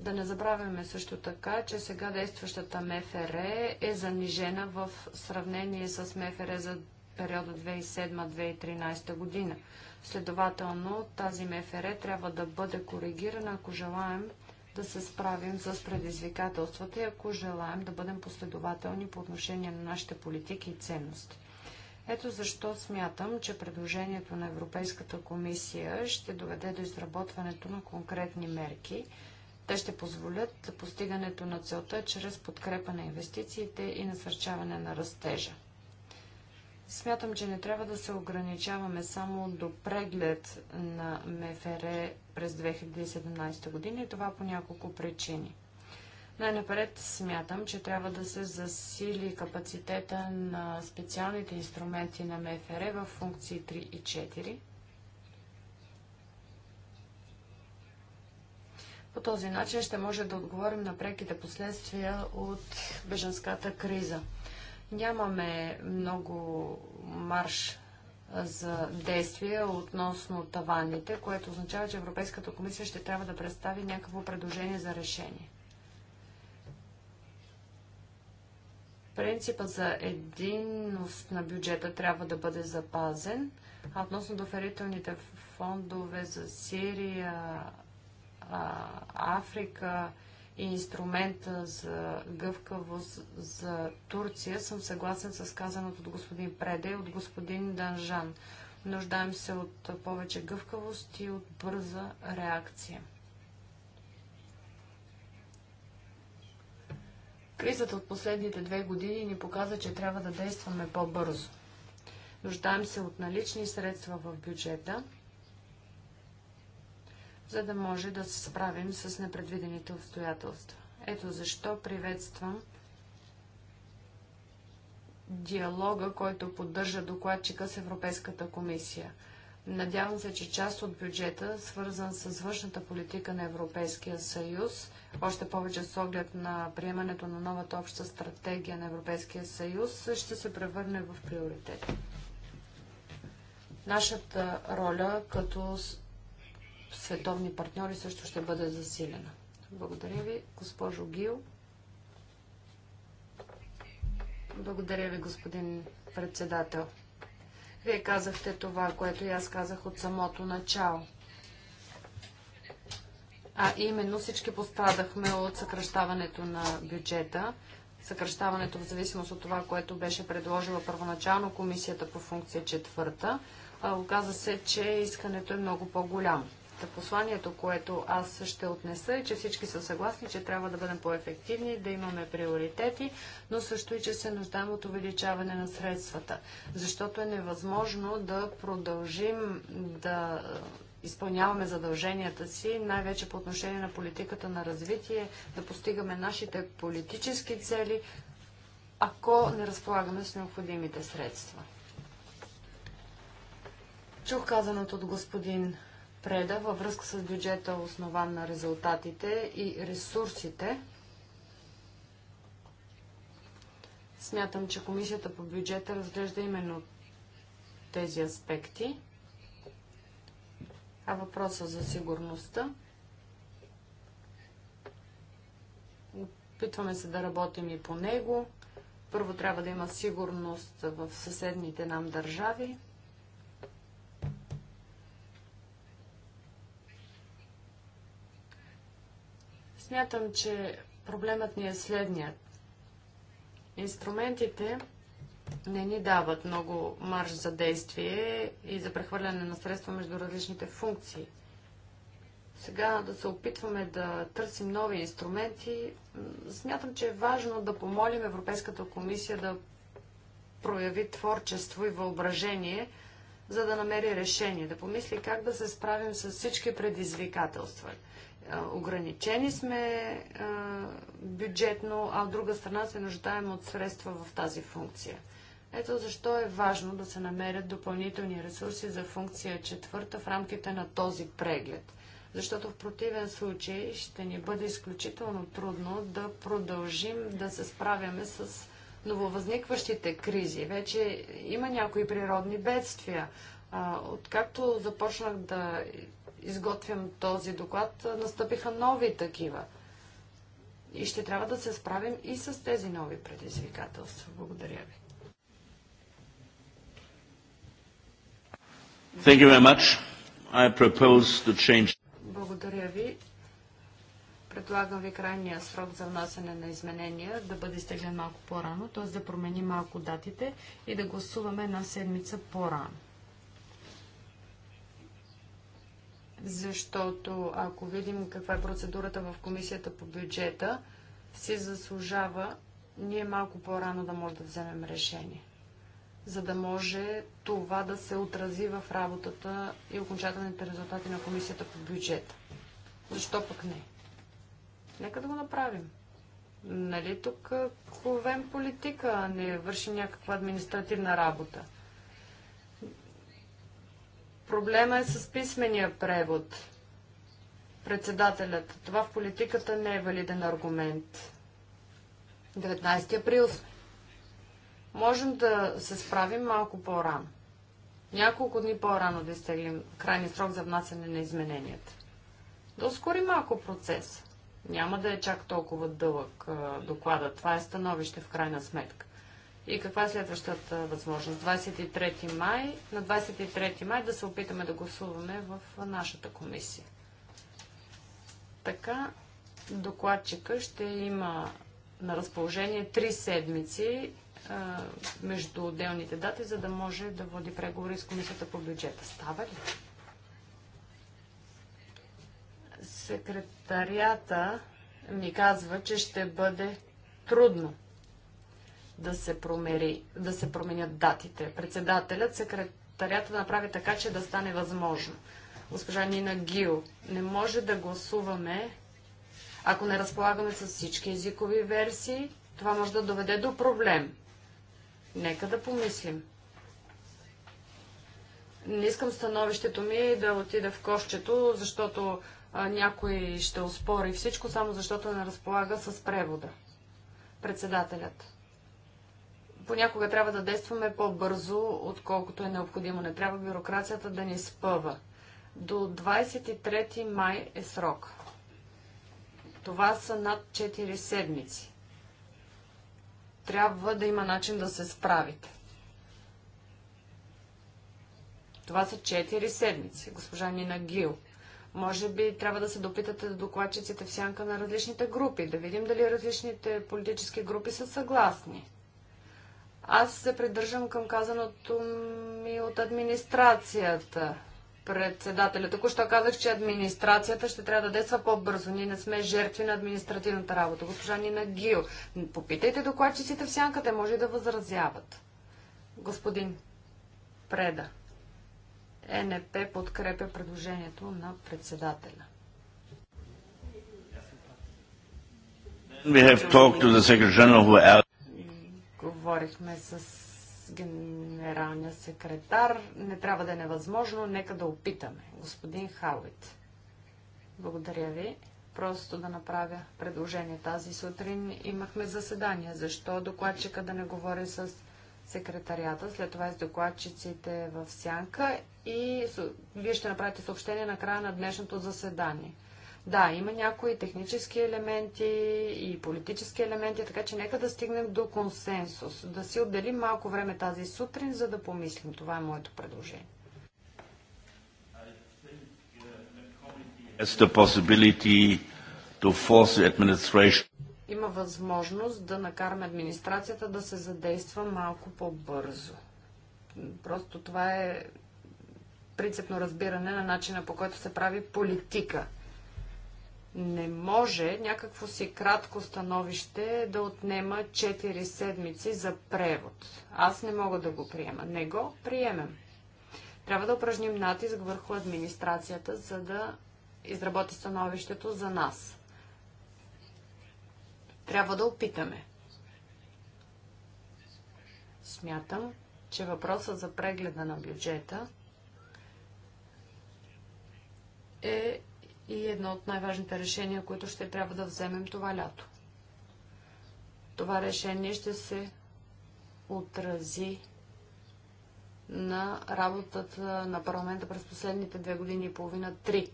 Да не забравяме също така, че сега действащата МФР е занижена в сравнение с МФР за периода 2007-2013 година. Следователно, тази МФР трябва да бъде коригирана, ако желаем да се справим с предизвикателствата и ако желаем да бъдем последователни по отношение на нашите политики и ценности. Ето защо смятам, че предложението на Европейската комисия ще доведе до изработването на конкретни мерки. Те ще позволят постигането на целта чрез подкрепа на инвестициите и насърчаване на растежа. Смятам, че не трябва да се ограничаваме само до преглед на МФР през 2017 година и това по няколко причини. Най-напред смятам, че трябва да се засили капацитета на специалните инструменти на МФР в функции 3 и 4. По този начин ще може да отговорим на преките последствия от беженската криза. Нямаме много марш за действие относно таваните, което означава, че Европейската комисия ще трябва да представи някакво предложение за решение. Принципът за единност на бюджета трябва да бъде запазен. А относно доверителните фондове за Сирия, Африка и инструмента за гъвкавост за Турция, съм съгласен с казаното от господин Преде и от господин Данжан. Нуждаем се от повече гъвкавост и от бърза реакция. Кризата от последните две години ни показа, че трябва да действаме по-бързо. Нуждаем се от налични средства в бюджета, за да може да се справим с непредвидените обстоятелства. Ето защо приветствам диалога, който поддържа докладчика с Европейската комисия – Надявам се, че част от бюджета, свързан с външната политика на Европейския съюз, още повече с оглед на приемането на новата обща стратегия на Европейския съюз, ще се превърне в приоритет. Нашата роля като световни партньори също ще бъде засилена. Благодаря ви, госпожо Гил. Благодаря ви, господин председател. Вие казахте това, което и аз казах от самото начало. А именно всички пострадахме от съкръщаването на бюджета. Съкръщаването в зависимост от това, което беше предложила първоначално комисията по функция четвърта. Оказа се, че искането е много по-голямо посланието, което аз ще отнеса е, че всички са съгласни, че трябва да бъдем по-ефективни, да имаме приоритети, но също и, че се нуждаем от увеличаване на средствата. Защото е невъзможно да продължим да е, изпълняваме задълженията си, най-вече по отношение на политиката на развитие, да постигаме нашите политически цели, ако не разполагаме с необходимите средства. Чух казаното от господин преда във връзка с бюджета, основан на резултатите и ресурсите. Смятам, че Комисията по бюджета разглежда именно тези аспекти. А въпроса за сигурността. Опитваме се да работим и по него. Първо трябва да има сигурност в съседните нам държави. Смятам, че проблемът ни е следният. Инструментите не ни дават много марш за действие и за прехвърляне на средства между различните функции. Сега да се опитваме да търсим нови инструменти, смятам, че е важно да помолим Европейската комисия да прояви творчество и въображение – за да намери решение, да помисли как да се справим с всички предизвикателства. Е, ограничени сме е, бюджетно, а от друга страна се нуждаем от средства в тази функция. Ето защо е важно да се намерят допълнителни ресурси за функция четвърта в рамките на този преглед. Защото в противен случай ще ни бъде изключително трудно да продължим да се справяме с възникващите кризи. Вече има някои природни бедствия. Откакто започнах да изготвям този доклад, настъпиха нови такива. И ще трябва да се справим и с тези нови предизвикателства. Благодаря ви. Thank you very much. I propose to change. Благодаря ви. Предлагам ви крайния срок за внасяне на изменения да бъде изтеглен малко по-рано, т.е. да промени малко датите и да гласуваме една седмица по-рано. Защото ако видим каква е процедурата в комисията по бюджета, си заслужава ние малко по-рано да може да вземем решение за да може това да се отрази в работата и окончателните резултати на комисията по бюджета. Защо пък не? Нека да го направим. Нали тук ковем политика, а не вършим някаква административна работа. Проблема е с писмения превод. Председателят. Това в политиката не е валиден аргумент. 19 април Можем да се справим малко по-рано. Няколко дни по-рано да изтеглим крайни срок за внасяне на измененията. Да ускорим малко процеса. Няма да е чак толкова дълъг доклада. Това е становище в крайна сметка. И каква е следващата възможност? 23 май. На 23 май да се опитаме да гласуваме в нашата комисия. Така докладчика ще има на разположение 3 седмици между отделните дати, за да може да води преговори с комисията по бюджета. Става ли? Секретарията ми казва, че ще бъде трудно да се, промери, да се променят датите. Председателят, секретарията направи така, че да стане възможно. Госпожа Нина Гил, не може да гласуваме, ако не разполагаме с всички езикови версии. Това може да доведе до проблем. Нека да помислим. Не искам становището ми да отида в кошчето, защото някой ще успори всичко, само защото не разполага с превода. Председателят. Понякога трябва да действаме по-бързо, отколкото е необходимо. Не трябва бюрокрацията да ни спъва. До 23 май е срок. Това са над 4 седмици. Трябва да има начин да се справите. Това са 4 седмици, госпожа Нина Гил. Може би трябва да се допитате до докладчиците в сянка на различните групи, да видим дали различните политически групи са съгласни. Аз се придържам към казаното ми от администрацията. Председателя току-що казах, че администрацията ще трябва да действа по-бързо. Ние не сме жертви на административната работа. Госпожа Нина Гил, попитайте докладчиците в сянка, те може да възразяват. Господин Преда. ЕНП подкрепя предложението на председателя. Говорихме с генералния секретар. Не трябва да е невъзможно. Нека да опитаме. Господин Хауит. Благодаря ви. Просто да направя предложение. Тази сутрин имахме заседание. Защо докладчика да не говори с секретарията, след това с докладчиците в сянка и вие ще направите съобщение на края на днешното заседание. Да, има някои технически елементи и политически елементи, така че нека да стигнем до консенсус. Да си отделим малко време тази сутрин, за да помислим. Това е моето предложение. Има възможност да накараме администрацията да се задейства малко по-бързо. Просто това е принципно разбиране на начина по който се прави политика. Не може някакво си кратко становище да отнема 4 седмици за превод. Аз не мога да го приема. Не го приемем. Трябва да упражним натиск върху администрацията, за да изработи становището за нас. Трябва да опитаме. Смятам, че въпросът за прегледа на бюджета – е и едно от най-важните решения, които ще трябва да вземем това лято. Това решение ще се отрази на работата на парламента през последните две години и половина-три.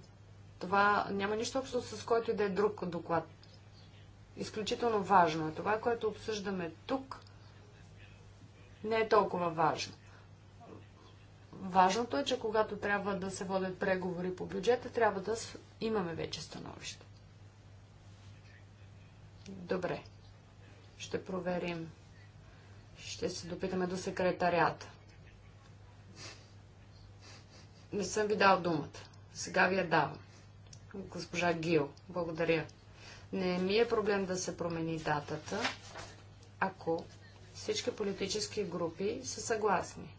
Това няма нищо общо с който и да е друг доклад. Изключително важно е. Това, което обсъждаме тук, не е толкова важно. Важното е, че когато трябва да се водят преговори по бюджета, трябва да имаме вече становище. Добре. Ще проверим. Ще се допитаме до секретарията. Не съм ви дал думата. Сега ви я давам. Госпожа Гил, благодаря. Не ми е проблем да се промени датата, ако всички политически групи са съгласни.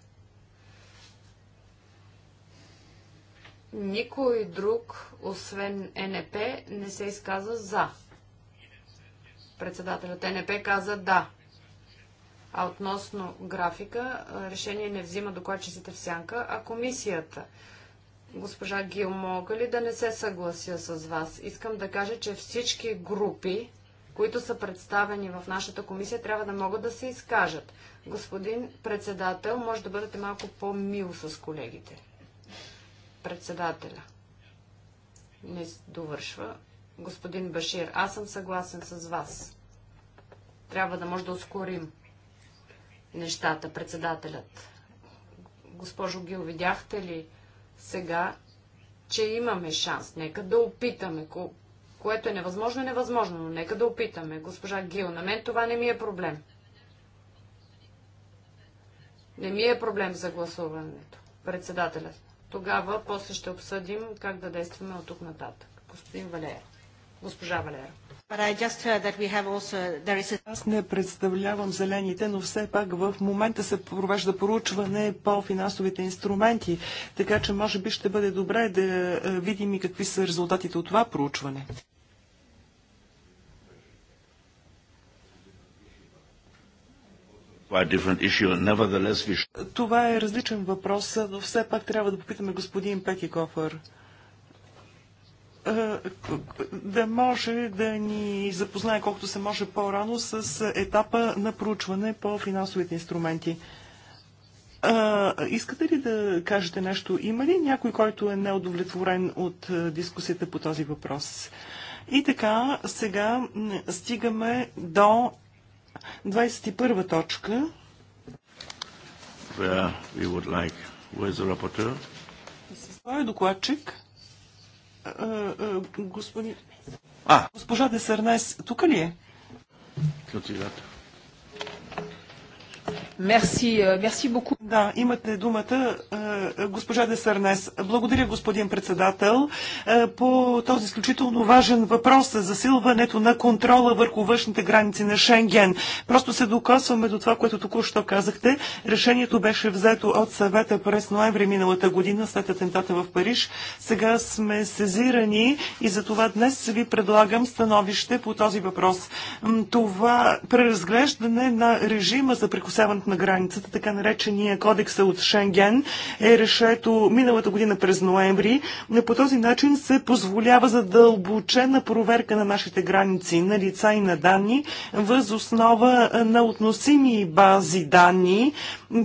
Никой друг, освен НП, не се изказа за. Председателят НП каза да. А относно графика, решение не взима докладчиците в сянка, а комисията. Госпожа Гил, мога ли да не се съглася с вас? Искам да кажа, че всички групи, които са представени в нашата комисия, трябва да могат да се изкажат. Господин председател, може да бъдете малко по-мил с колегите. Председателя не довършва. Господин Башир, аз съм съгласен с вас. Трябва да може да ускорим нещата, председателят. Госпожо Гил, видяхте ли сега, че имаме шанс? Нека да опитаме. Ко... Което е невъзможно, е невъзможно, но нека да опитаме. Госпожа Гил, на мен това не ми е проблем. Не ми е проблем за гласуването. Председателят. Тогава после ще обсъдим как да действаме от тук нататък. Господин Валера. Госпожа Валера. Аз не представлявам зелените, но все пак в момента се провежда проучване по финансовите инструменти, така че може би ще бъде добре да е, видим и какви са резултатите от това проучване. Това е различен въпрос, но все пак трябва да попитаме господин Пекикофър е, да може да ни запознае колкото се може по-рано с етапа на проучване по финансовите инструменти. А, е, искате ли да кажете нещо? Има ли някой, който е неудовлетворен от е, дискусията по този въпрос? И така, сега стигаме до 21 точка. Where we would like. Where is the rapporteur? е докладчик. Господин... А. Госпожа Десърнес, тук ли е? Кандидата. Мерси, мерси боку. Да, имате думата, е, госпожа Десърнес. Благодаря, господин председател, е, по този изключително важен въпрос за засилването на контрола върху външните граници на Шенген. Просто се докосваме до това, което току-що казахте. Решението беше взето от съвета през ноември миналата година след атентата в Париж. Сега сме сезирани и за това днес ви предлагам становище по този въпрос. Това преразглеждане на режима за прекусяване скъсяването на границата, така наречения кодекса от Шенген, е решето миналата година през ноември. По този начин се позволява задълбочена проверка на нашите граници, на лица и на данни, въз основа на относими бази данни,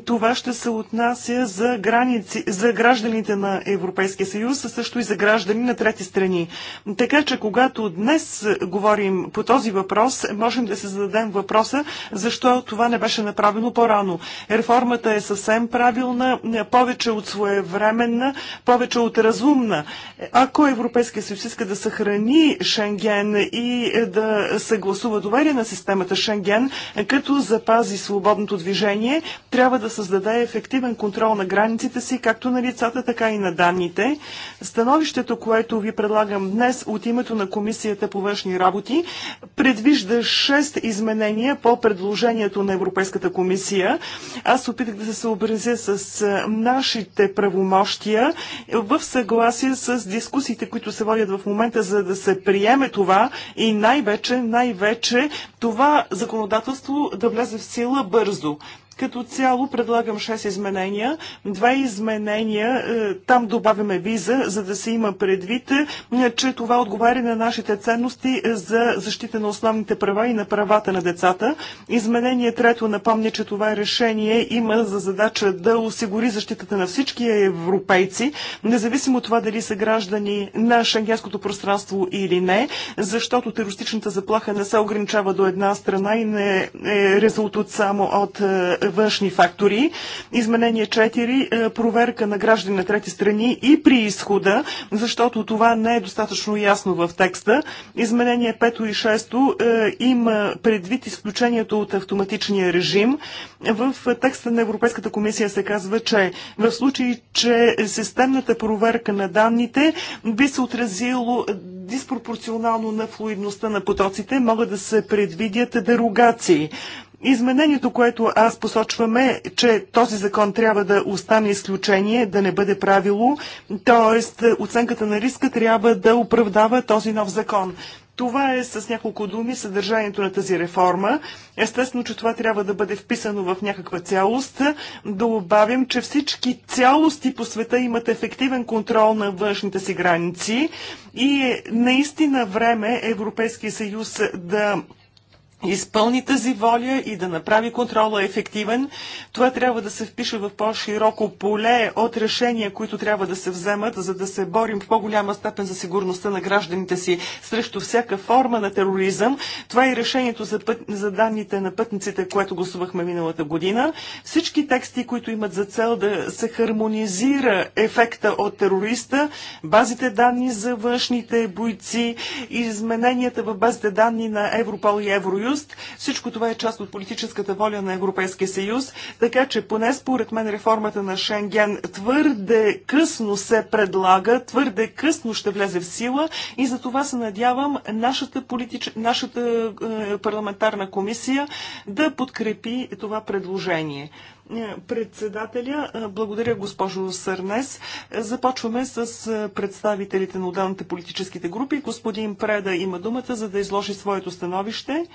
това ще се отнася за, граници, за гражданите на Европейския съюз, а също и за граждани на трети страни. Така че, когато днес говорим по този въпрос, можем да се зададем въпроса, защо това не беше направено по-рано. Реформата е съвсем правилна, повече от своевременна, повече от разумна. Ако Европейския съюз иска да съхрани Шенген и да съгласува доверие на системата Шенген, като запази свободното движение, трябва трябва да създаде ефективен контрол на границите си, както на лицата, така и на данните. Становището, което ви предлагам днес от името на Комисията по външни работи, предвижда 6 изменения по предложението на Европейската комисия. Аз опитах да се съобразя с нашите правомощия в съгласие с дискусиите, които се водят в момента, за да се приеме това и най-вече, най-вече това законодателство да влезе в сила бързо. Като цяло предлагам 6 изменения. Два изменения, е, там добавяме виза, за да се има предвид, е, че това отговаря на нашите ценности е, за защита на основните права и на правата на децата. Изменение трето напомня, че това решение има за задача да осигури защитата на всички европейци, независимо от това дали са граждани на шенгенското пространство или не, защото терористичната заплаха не се ограничава до една страна и не е резултат само от външни фактори. Изменение 4. Е, проверка на граждани на трети страни и при изхода, защото това не е достатъчно ясно в текста. Изменение 5 и 6 е, има предвид изключението от автоматичния режим. В текста на Европейската комисия се казва, че в случай, че системната проверка на данните би се отразило диспропорционално на флуидността на потоците, могат да се предвидят дерогации. Изменението, което аз посочвам е, че този закон трябва да остане изключение, да не бъде правило, т.е. оценката на риска трябва да оправдава този нов закон. Това е с няколко думи съдържанието на тази реформа. Естествено, че това трябва да бъде вписано в някаква цялост. Да обавим, че всички цялости по света имат ефективен контрол на външните си граници и е наистина време Европейския съюз да изпълни тази воля и да направи контрола ефективен. Това трябва да се впише в по-широко поле от решения, които трябва да се вземат, за да се борим в по-голяма степен за сигурността на гражданите си срещу всяка форма на тероризъм. Това е решението за, път, за данните на пътниците, което гласувахме миналата година. Всички тексти, които имат за цел да се хармонизира ефекта от терориста, базите данни за външните бойци, измененията в базите данни на Европол и Евроюз, ръст. Всичко това е част от политическата воля на Европейския съюз, така че поне според мен реформата на Шенген твърде късно се предлага, твърде късно ще влезе в сила и за това се надявам нашата, политич... нашата е, парламентарна комисия да подкрепи това предложение. Е, председателя, е, благодаря госпожо Сърнес. Е, започваме с представителите на отделните политическите групи. Господин Преда има думата, за да изложи своето становище.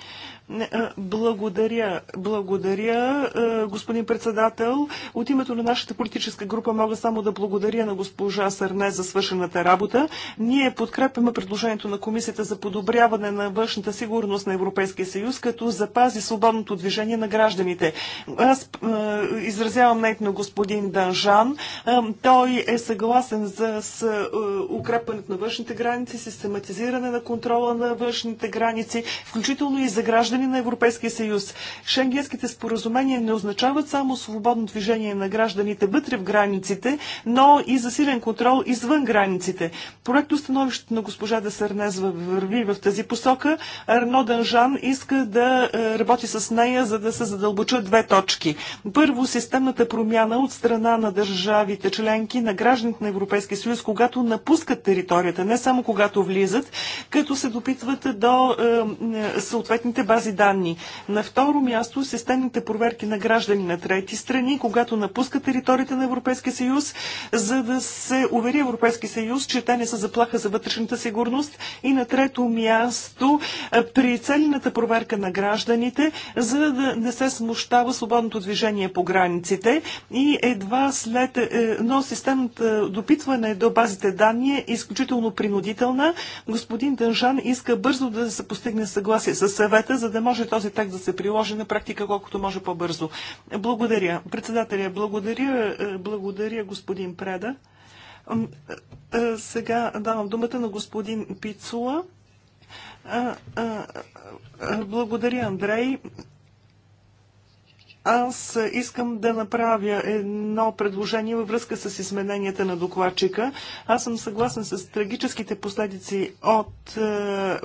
Благодаря, благодаря, господин председател. От името на нашата политическа група мога само да благодаря на госпожа Сърне за свършената работа. Ние подкрепяме предложението на Комисията за подобряване на външната сигурност на Европейския съюз, като запази свободното движение на гражданите. Аз изразявам нейт на господин Данжан. Той е съгласен за укрепването на външните граници, систематизиране на контрола на външните граници, включително и за гражданите граждани на Европейския съюз. Шенгенските споразумения не означават само свободно движение на гражданите вътре в границите, но и засилен контрол извън границите. Проекто становището на госпожа Десарнез върви в тази посока. Арно Данжан иска да е, работи с нея, за да се задълбочат две точки. Първо, системната промяна от страна на държавите членки на гражданите на Европейския съюз, когато напускат територията, не само когато влизат, като се допитват до е, е, съответните бази тези данни. На второ място, системните проверки на граждани на трети страни, когато напускат територията на Европейския съюз, за да се увери Европейския съюз, че те не са заплаха за вътрешната сигурност. И на трето място, е, при целената проверка на гражданите, за да не се смущава свободното движение по границите и едва след, е, но системната допитване до базите данни е изключително принудителна. Господин Дънжан иска бързо да се постигне съгласие с съвета, за за да може този текст да се приложи на практика колкото може по-бързо. Благодаря. Председателя, благодаря, е, благодаря господин Преда. Е, е, сега давам думата на господин Пицула. Благодаря, Андрей. Аз искам да направя едно предложение във връзка с измененията на докладчика. Аз съм съгласен с трагическите последици от е,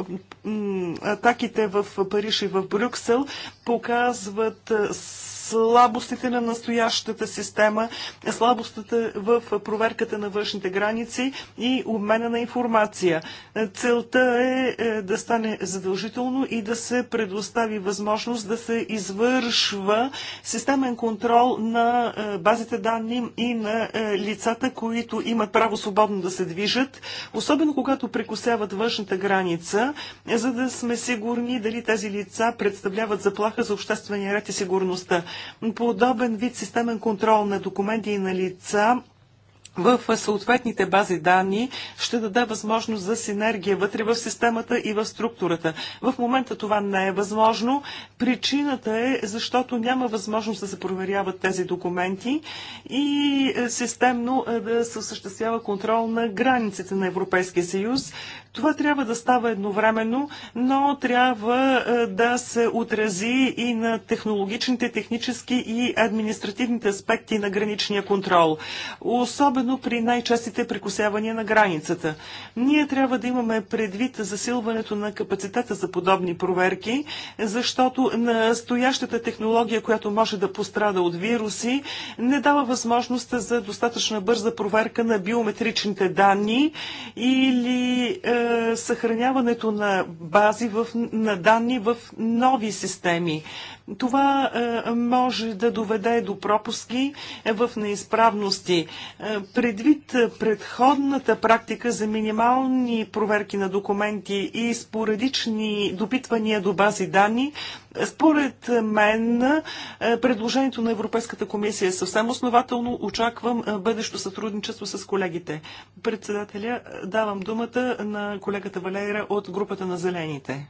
атаките в Париж и в Брюксел. Показват е, слабостите на настоящата система, слабостите в проверката на външните граници и обмена на информация. Целта е, е да стане задължително и да се предостави възможност да се извършва системен контрол на е, базите данни и на е, лицата, които имат право свободно да се движат, особено когато прекусяват външната граница, за да сме сигурни дали тези лица представляват заплаха за обществения ред и сигурността подобен вид системен контрол на документи и на лица в съответните бази данни ще даде възможност за синергия вътре в системата и в структурата. В момента това не е възможно. Причината е, защото няма възможност да се проверяват тези документи и е, системно е, да се осъществява контрол на границите на Европейския съюз. Това трябва да става едновременно, но трябва е, да се отрази и на технологичните, технически и административните аспекти на граничния контрол, особено при най-честите прекусявания на границата. Ние трябва да имаме предвид засилването на капацитета за подобни проверки, защото настоящата технология, която може да пострада от вируси, не дава възможност за достатъчно бърза проверка на биометричните данни или е, съхраняването на бази в, на данни в нови системи. Това е, може да доведе до пропуски в неизправности. Е, предвид предходната практика за минимални проверки на документи и споредични допитвания до бази данни, според мен е, предложението на Европейската комисия е съвсем основателно. Очаквам бъдещо сътрудничество с колегите. Председателя, давам думата на колегата Валера от групата на Зелените.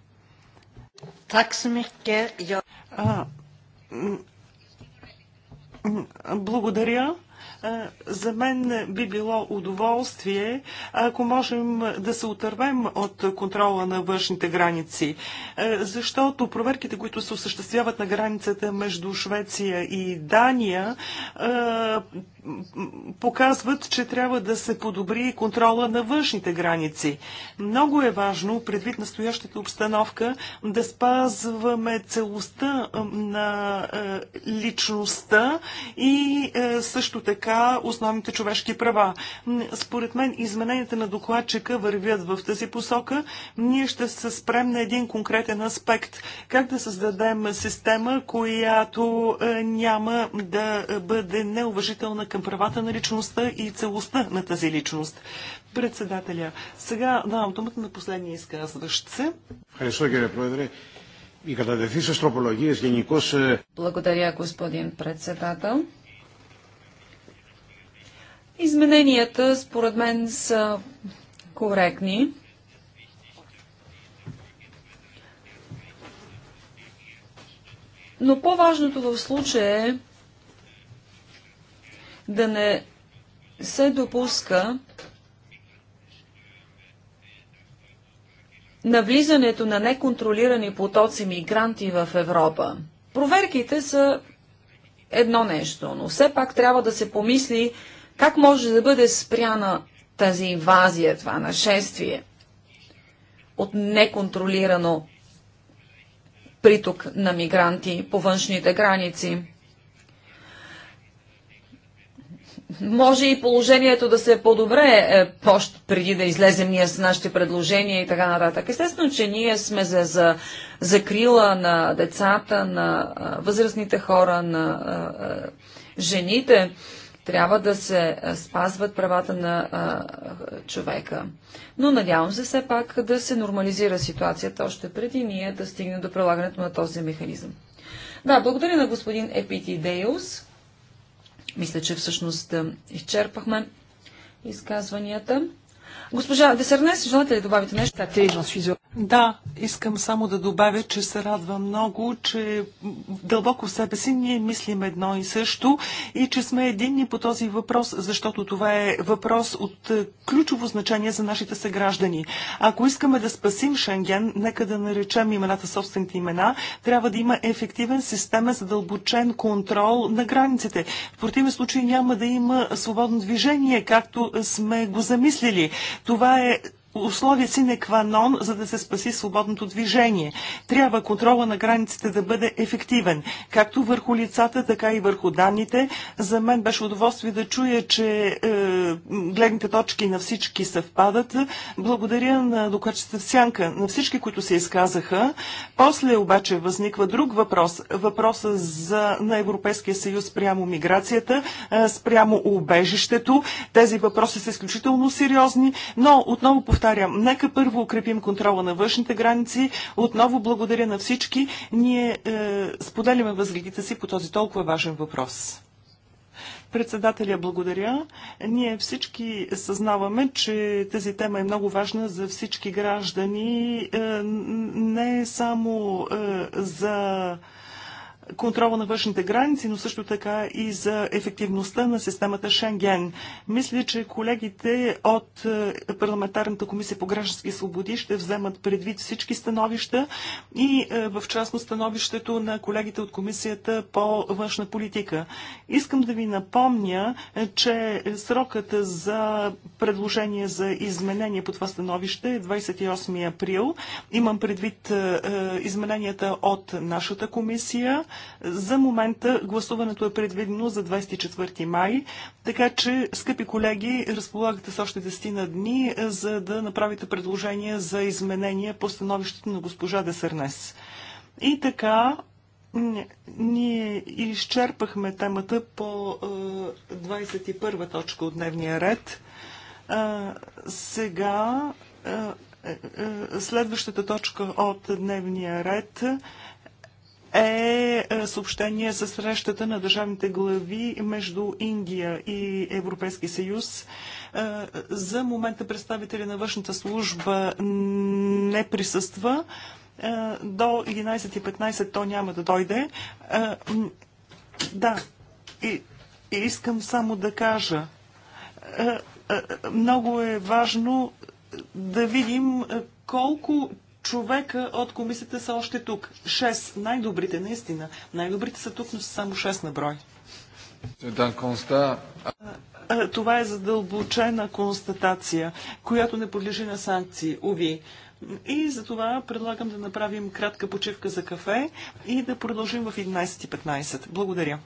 Благодаря. За мен би било удоволствие, ако можем да се отървем от контрола на външните граници, защото проверките, които се осъществяват на границата между Швеция и Дания, показват, че трябва да се подобри контрола на външните граници. Много е важно, предвид настоящата обстановка, да спазваме целостта на е, личността и е, също така основните човешки права. Според мен измененията на докладчика вървят в тази посока. Ние ще се спрем на един конкретен аспект. Как да създадем система, която е, няма да бъде неуважителна към правата на личността и целостта на тази личност. Председателя, сега давам думата на последния изказващ се. Благодаря, господин председател. Измененията, според мен, са коректни. Но по-важното в случая е да не се допуска навлизането на неконтролирани потоци мигранти в Европа. Проверките са едно нещо, но все пак трябва да се помисли как може да бъде спряна тази инвазия, това нашествие от неконтролирано приток на мигранти по външните граници. може и положението да се подобре още преди да излезем ние с нашите предложения и така нататък. Естествено, че ние сме за, за закрила на децата, на а, възрастните хора, на а, жените. Трябва да се спазват правата на а, човека. Но надявам се все пак да се нормализира ситуацията още преди ние да стигнем до прилагането на този механизъм. Да, благодаря на господин Епитидеус. Мисля, че всъщност изчерпахме изказванията. Госпожа Десернес, желате ли добавите нещо? Да, искам само да добавя, че се радва много, че дълбоко в себе си ние мислим едно и също и че сме единни по този въпрос, защото това е въпрос от е, ключово значение за нашите съграждани. Ако искаме да спасим Шенген, нека да наречем имената собствените имена, трябва да има ефективен системен задълбочен контрол на границите. В противен случай няма да има свободно движение, както сме го замислили. Това е условие си Кванон, за да се спаси свободното движение. Трябва контрола на границите да бъде ефективен, както върху лицата, така и върху данните. За мен беше удоволствие да чуя, че е, гледните точки на всички съвпадат. Благодаря на докачата Сянка, на всички, които се изказаха. После обаче възниква друг въпрос. Въпроса за, на Европейския съюз спрямо миграцията, е, спрямо убежището. Тези въпроси са изключително сериозни, но отново повтарям, повтарям, нека първо укрепим контрола на външните граници. Отново благодаря на всички. Ние е, споделяме възгледите си по този толкова важен въпрос. Председателя, благодаря. Ние всички съзнаваме, че тази тема е много важна за всички граждани, е, не само е, за контрола на външните граници, но също така и за ефективността на системата Шенген. Мисля, че колегите от е, Парламентарната комисия по граждански свободи ще вземат предвид всички становища и е, в частно становището на колегите от комисията по външна политика. Искам да ви напомня, е, че срокът за предложение за изменение по това становище е 28 април. Имам предвид измененията от нашата комисия за момента гласуването е предвидено за 24 май, така че, скъпи колеги, разполагате с още 10 на дни, е, за да направите предложения за изменения по становището на госпожа Десернес. И така, ние изчерпахме темата по 21 е, точка от дневния ред. Сега е, следващата точка от дневния ред е, е съобщение за срещата на държавните глави между Индия и Европейски съюз. Е, за момента представители на външната служба не присъства. Е, до 11.15 то няма да дойде. Да, и, искам само да кажа. Много е важно да видим колко човека от комисията са още тук. Шест. Най-добрите, наистина. Най-добрите са тук, но са само шест на брой. Това е задълбочена констатация, която не подлежи на санкции. Уви. И за това предлагам да направим кратка почивка за кафе и да продължим в 11.15. Благодаря.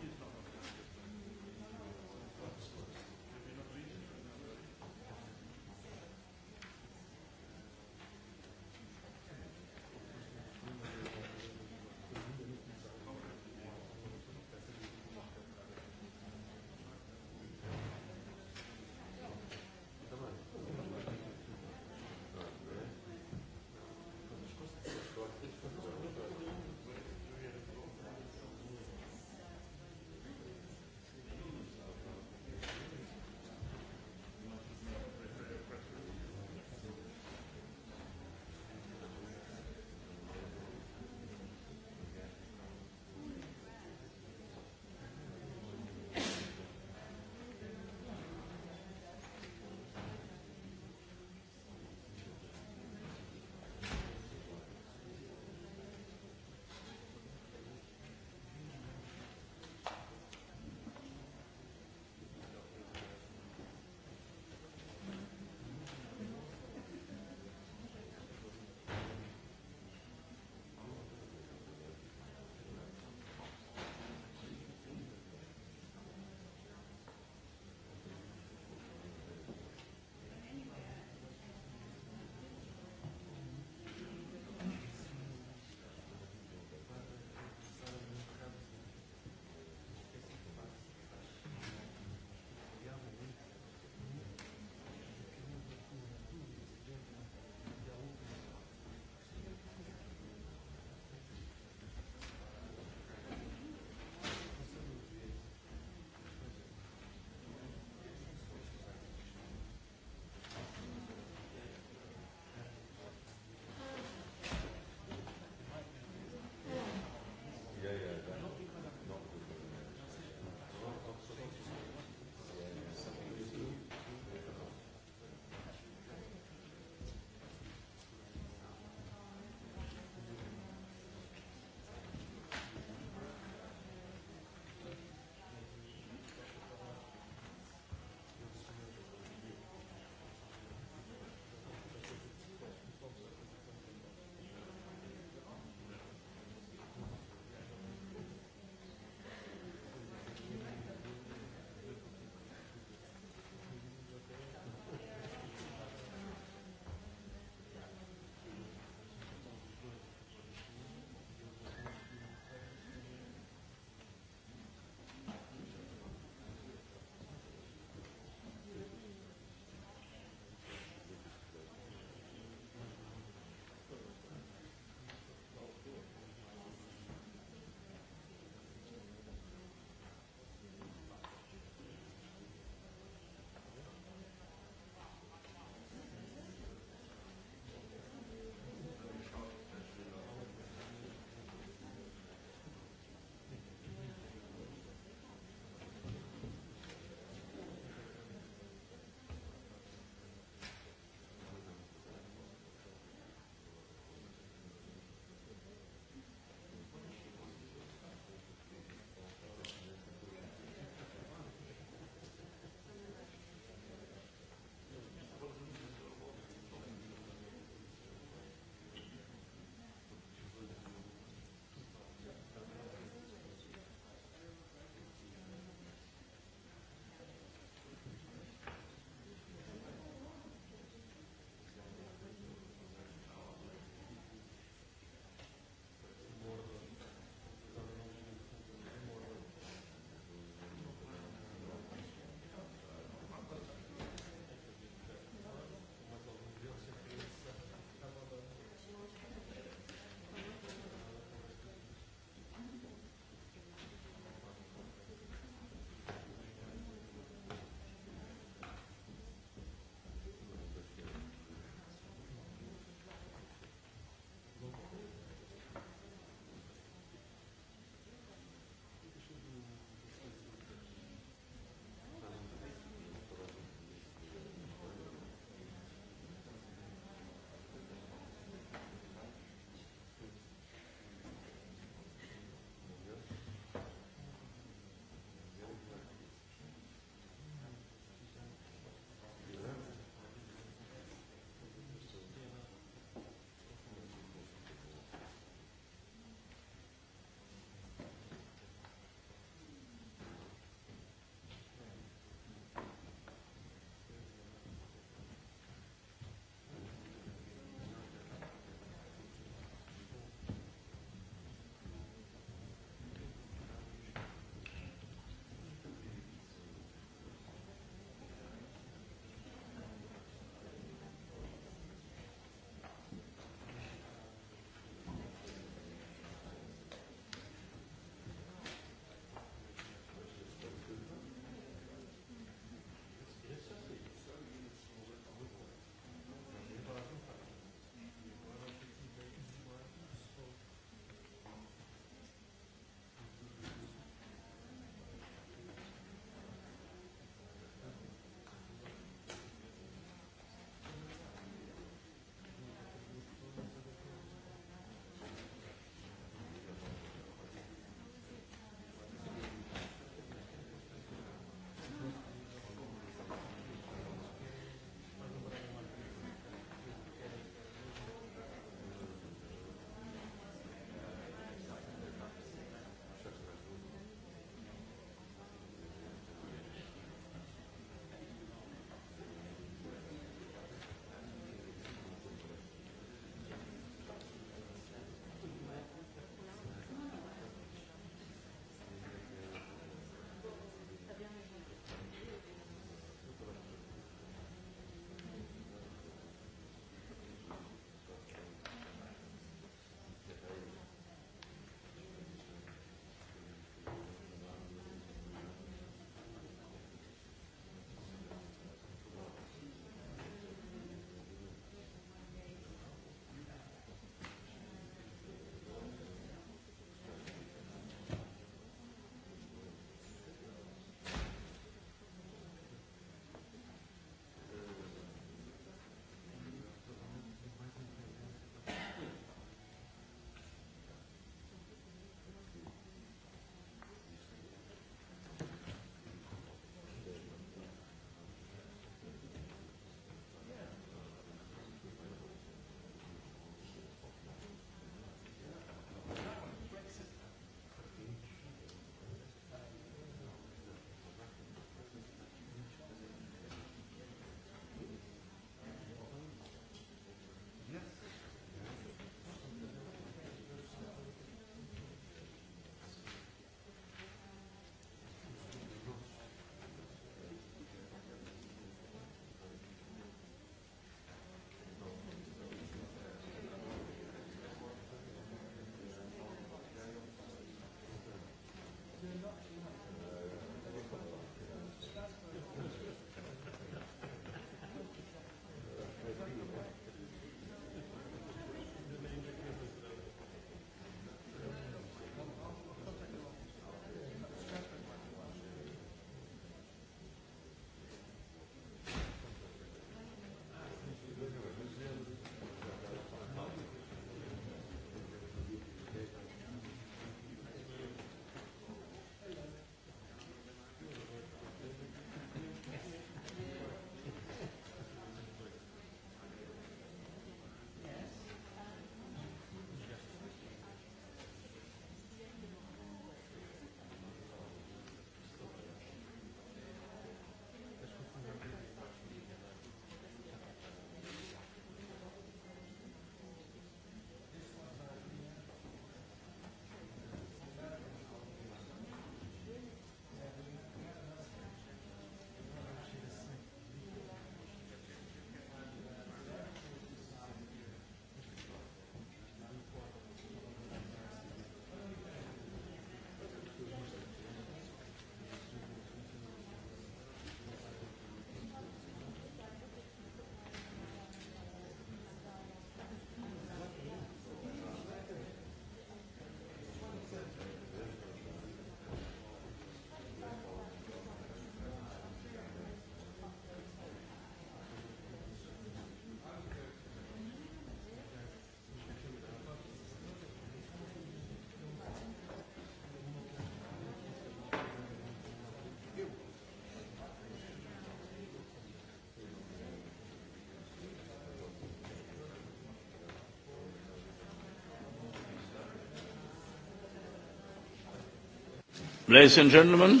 Ladies and gentlemen,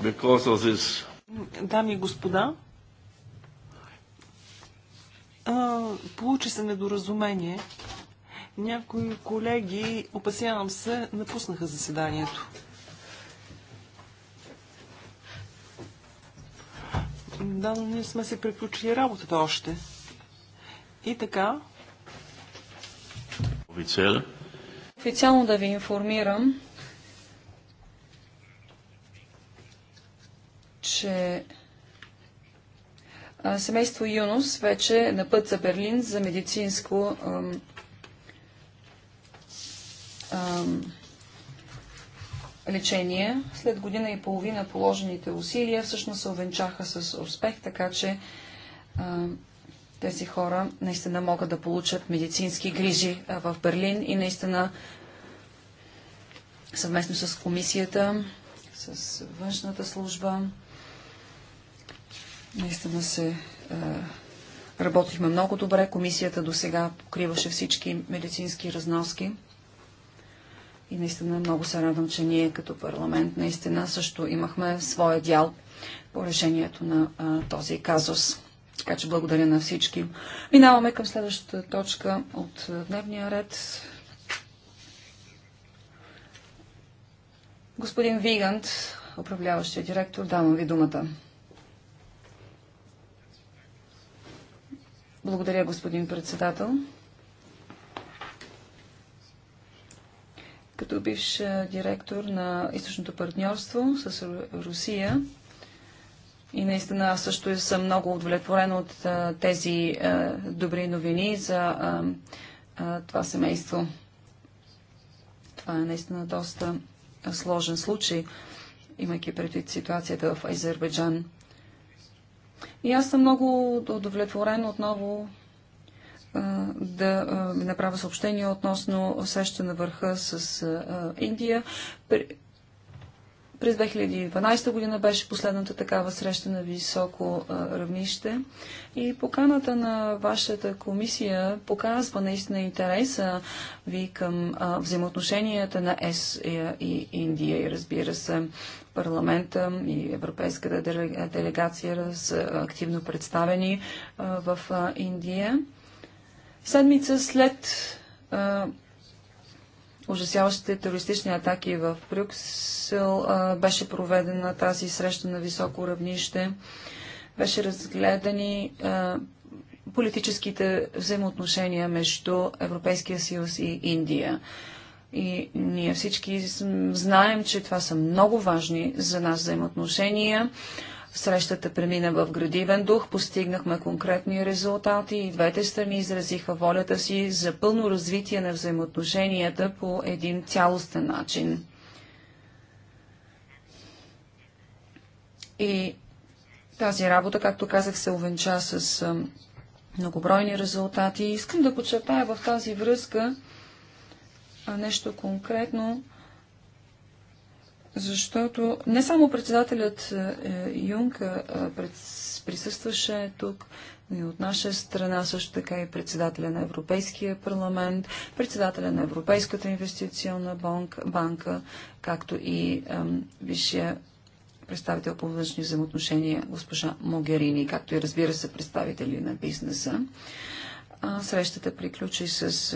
because of this... Дами и господа, а, получи се недоразумение. Някои колеги, опасявам се, напуснаха заседанието. Да, но ние сме се приключили работата още. И така. Официално. Официално да ви информирам, че семейство Юнос вече е на път за Берлин за медицинско ам, ам, лечение. След година и половина положените усилия всъщност се овенчаха с успех, така че ам, тези хора наистина могат да получат медицински грижи в Берлин и наистина съвместно с комисията, с външната служба, наистина се работихме много добре. Комисията до сега покриваше всички медицински разноски. И наистина много се радвам, че ние като парламент наистина също имахме своя дял по решението на а, този казус. Така че благодаря на всички. Минаваме към следващата точка от дневния ред. Господин Вигант, управляващия директор, давам ви думата. Благодаря, господин председател. Като бивш директор на източното партньорство с Русия, и наистина аз също съм много удовлетворен от тези добри новини за това семейство. Това е наистина доста сложен случай, имайки предвид ситуацията в Азербайджан. И аз съм много удовлетворен отново да направя съобщение относно среща на върха с Индия. През 2012 година беше последната такава среща на високо равнище и поканата на вашата комисия показва наистина интереса ви към взаимоотношенията на ЕС и, Индия и разбира се парламента и Европейската делегация са активно представени в Индия. Седмица след ужасяващите терористични атаки в Брюксел. Беше проведена тази среща на високо равнище. Беше разгледани политическите взаимоотношения между Европейския съюз и Индия. И ние всички знаем, че това са много важни за нас взаимоотношения. Срещата премина в градивен дух, постигнахме конкретни резултати и двете страни изразиха волята си за пълно развитие на взаимоотношенията по един цялостен начин. И тази работа, както казах, се увенча с многобройни резултати. Искам да подчертая в тази връзка нещо конкретно защото не само председателят е, е, Юнг е, присъстваше тук, и от наша страна също така и председателя на Европейския парламент, председателя на Европейската инвестиционна банка, както и висшия представител по външни взаимоотношения госпожа Могерини, както и разбира се представители на бизнеса. Срещата приключи с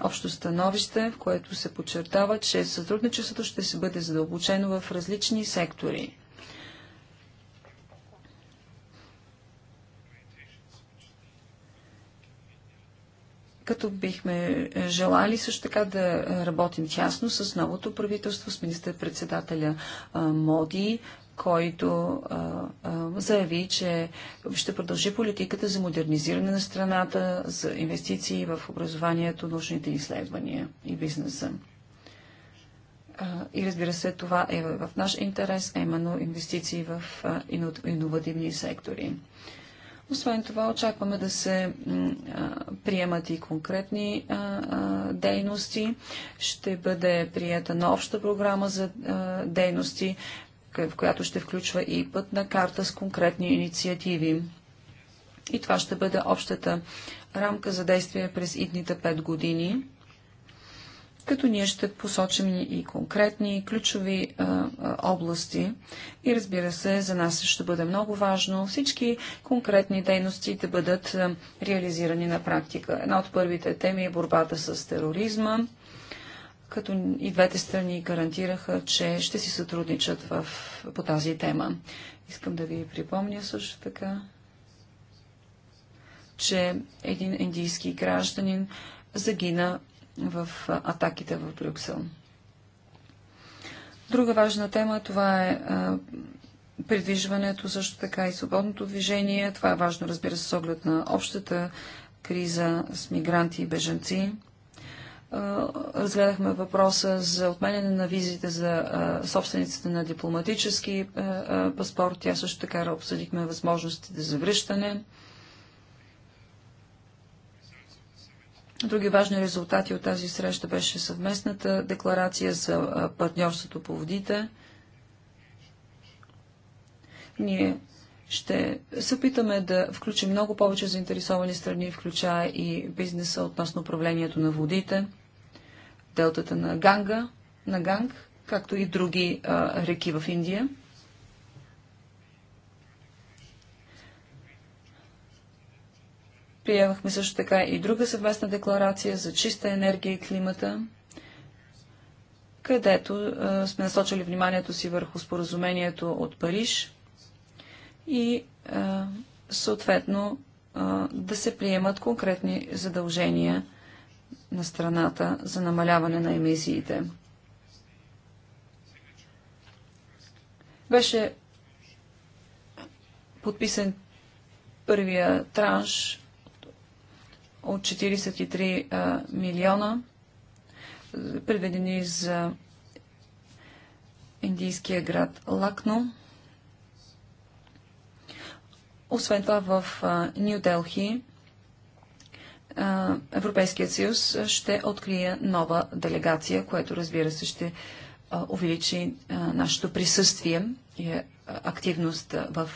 общо становище, в което се подчертава, че сътрудничеството ще се бъде задълбочено в различни сектори. като бихме желали също така да работим тясно с новото правителство, с министър-председателя Моди, който а, а, заяви, че ще продължи политиката за модернизиране на страната, за инвестиции в образованието, научните изследвания и бизнеса. А, и разбира се, това е в наш интерес, а именно инвестиции в иновативни сектори. Освен това, очакваме да се а, приемат и конкретни а, а, дейности. Ще бъде прията на обща програма за дейности, е, в която ще включва и пътна карта с конкретни инициативи. И това ще бъде общата рамка за действие през идните пет години, като ние ще посочим и конкретни ключови а, а, области. И разбира се, за нас ще бъде много важно всички конкретни дейности да бъдат а, реализирани на практика. Една от първите теми е борбата с тероризма като и двете страни гарантираха, че ще си сътрудничат в, по тази тема. Искам да ви припомня също така, че един индийски гражданин загина в атаките в Брюксел. Друга важна тема, това е а, придвижването, също така и свободното движение. Това е важно, разбира се, с оглед на общата криза с мигранти и беженци. Е, разгледахме въпроса за отменяне на визите за е, собствениците на дипломатически е, паспорти, а също така обсъдихме възможностите за връщане. Други важни резултати от тази среща беше съвместната декларация за партньорството по водите. Ние ще се опитаме да включим много повече заинтересовани страни, включая и бизнеса относно управлението на водите, делтата на Ганга, на Ганг, както и други а, реки в Индия. Приемахме също така и друга съвместна декларация за чиста енергия и климата, където а, сме насочили вниманието си върху споразумението от Париж – и а, съответно а, да се приемат конкретни задължения на страната за намаляване на емисиите. Беше подписан първия транш от 43 а, милиона, предведени за индийския град Лакно. Освен това в Нью Делхи Европейският съюз ще открие нова делегация, което разбира се ще увеличи нашето присъствие и активност в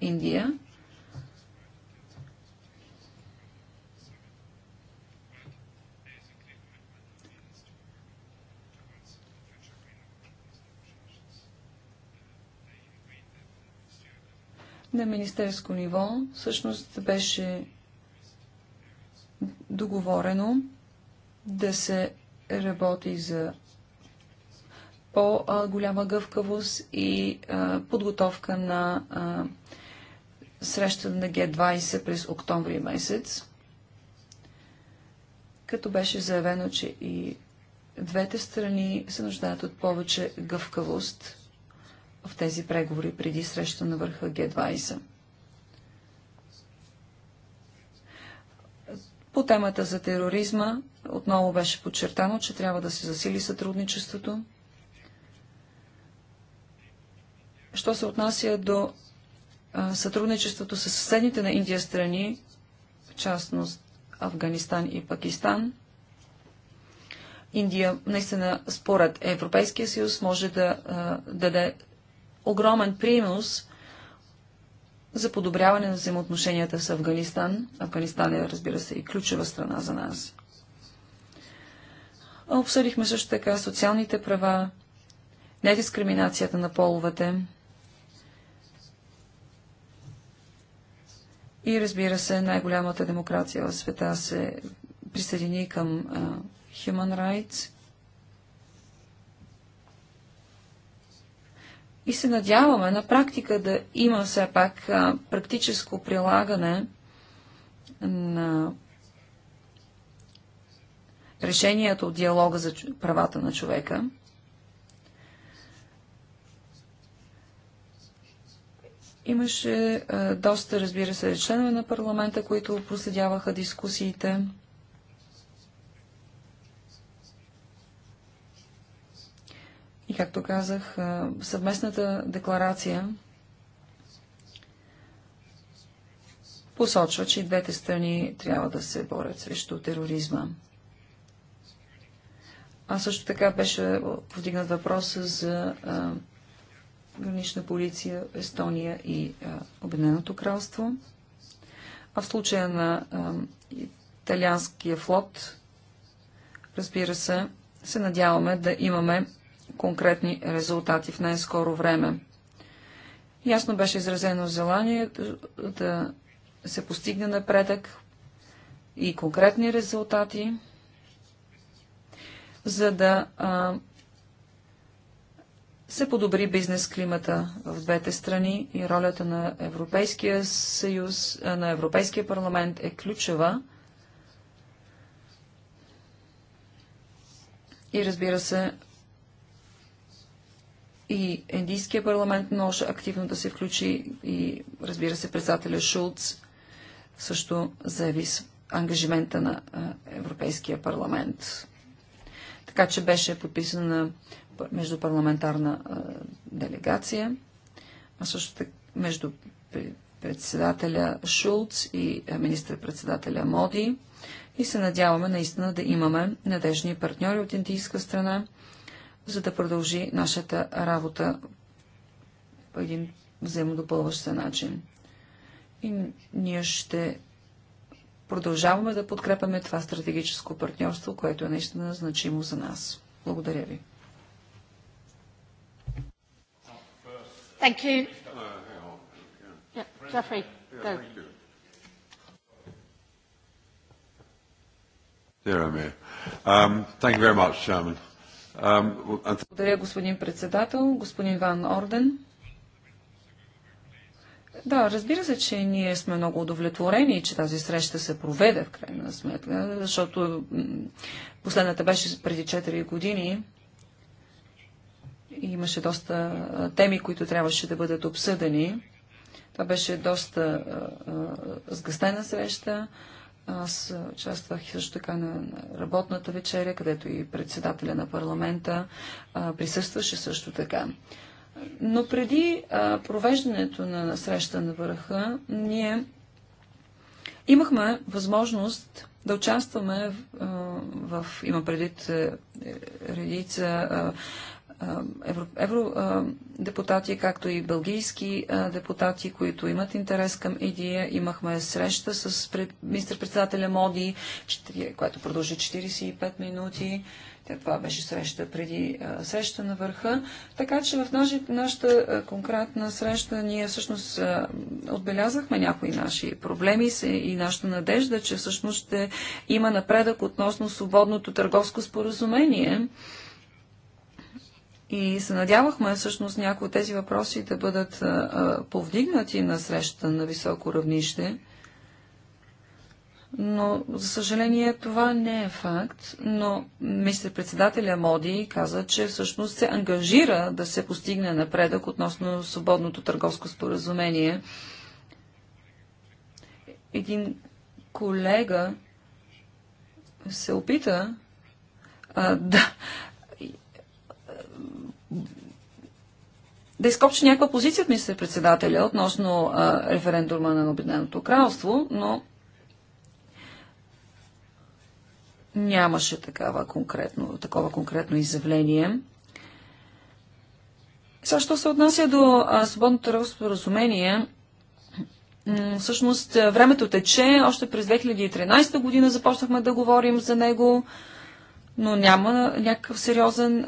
Индия. на министерско ниво всъщност беше договорено да се работи за по-голяма гъвкавост и а, подготовка на среща на Г-20 през октомври месец, като беше заявено, че и двете страни се нуждаят от повече гъвкавост в тези преговори преди среща на върха Г-20. По темата за тероризма отново беше подчертано, че трябва да се засили сътрудничеството. Що се отнася до сътрудничеството с съседните на Индия страни, в частност Афганистан и Пакистан, Индия наистина според Европейския съюз може да а, даде огромен принос за подобряване на взаимоотношенията с Афганистан. Афганистан е, разбира се, и ключова страна за нас. Обсъдихме също така социалните права, недискриминацията на половете и, разбира се, най-голямата демокрация в света се присъедини към Human Rights – И се надяваме на практика да има все пак а, практическо прилагане на решението от диалога за правата на човека. Имаше а, доста, разбира се, членове на парламента, които проследяваха дискусиите. И както казах, съвместната декларация посочва, че и двете страни трябва да се борят срещу тероризма. А също така беше повдигнат въпрос за гранична полиция Естония и Обединеното кралство. А в случая на италианския флот, разбира се, се надяваме да имаме конкретни резултати в най-скоро време. Ясно беше изразено желание да се постигне напредък и конкретни резултати, за да а, се подобри бизнес климата в двете страни и ролята на Европейския съюз, на Европейския парламент е ключова. И разбира се, и Индийския парламент може активно да се включи и разбира се председателя Шулц също заяви ангажимента на Европейския парламент. Така че беше подписана междупарламентарна делегация, а също така между председателя Шулц и министър-председателя Моди и се надяваме наистина да имаме надежни партньори от индийска страна, за да продължи нашата работа по един взаимодопълващ се начин. И ние ще продължаваме да подкрепяме това стратегическо партньорство, което е наистина значимо за нас. Благодаря ви. Thank you. Yeah, Jeffrey, go. Amir. Um, thank you very much, Chairman. Благодаря, господин председател. Господин Ван Орден. Да, разбира се, че ние сме много удовлетворени, че тази среща се проведе в крайна сметка, защото последната беше преди 4 години и имаше доста теми, които трябваше да бъдат обсъдени. Това беше доста а, а, сгъстена среща. Аз участвах също така на работната вечеря, където и председателя на парламента а, присъстваше също така. Но преди а, провеждането на среща на върха, ние имахме възможност да участваме в, а, в има предвид е, редица евродепутати, както и бългийски депутати, които имат интерес към идея. Имахме среща с министър-председателя Моди, която продължи 45 минути. Това беше среща преди среща на върха. Така че в нашата конкретна среща ние всъщност отбелязахме някои наши проблеми и нашата надежда, че всъщност ще има напредък относно свободното търговско споразумение. И се надявахме всъщност някои от тези въпроси да бъдат а, повдигнати на срещата на високо равнище. Но, за съжаление, това не е факт, но министр-председателя Моди каза, че всъщност се ангажира да се постигне напредък относно свободното търговско споразумение. Един колега се опита а, да, да изкопчи някаква позиция от министър-председателя относно а, референдума на Обединеното кралство, но нямаше такава конкретно, такова конкретно изявление. Сега, що се отнася до а, свободното разпоразумение, всъщност времето тече. Още през 2013 година започнахме да говорим за него но няма някакъв сериозен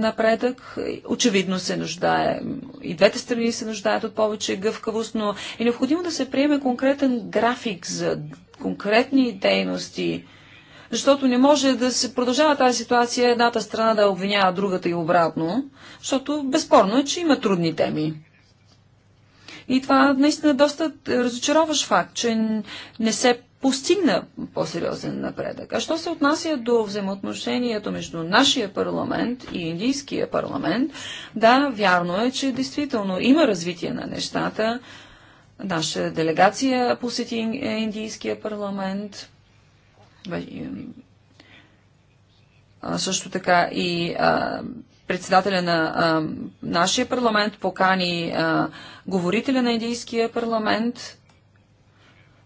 напредък. Очевидно се нуждае, и двете страни се нуждаят от повече гъвкавост, но е необходимо да се приеме конкретен график за конкретни дейности, защото не може да се продължава тази ситуация едната страна да обвинява другата и обратно, защото безспорно е, че има трудни теми. И това наистина е доста разочароваш факт, че не се постигна по-сериозен напредък. А що се отнася до взаимоотношението между нашия парламент и индийския парламент, да, вярно е, че действително има развитие на нещата. Наша делегация посети е, индийския парламент. А, също така и а, председателя на а, нашия парламент покани говорителя на индийския парламент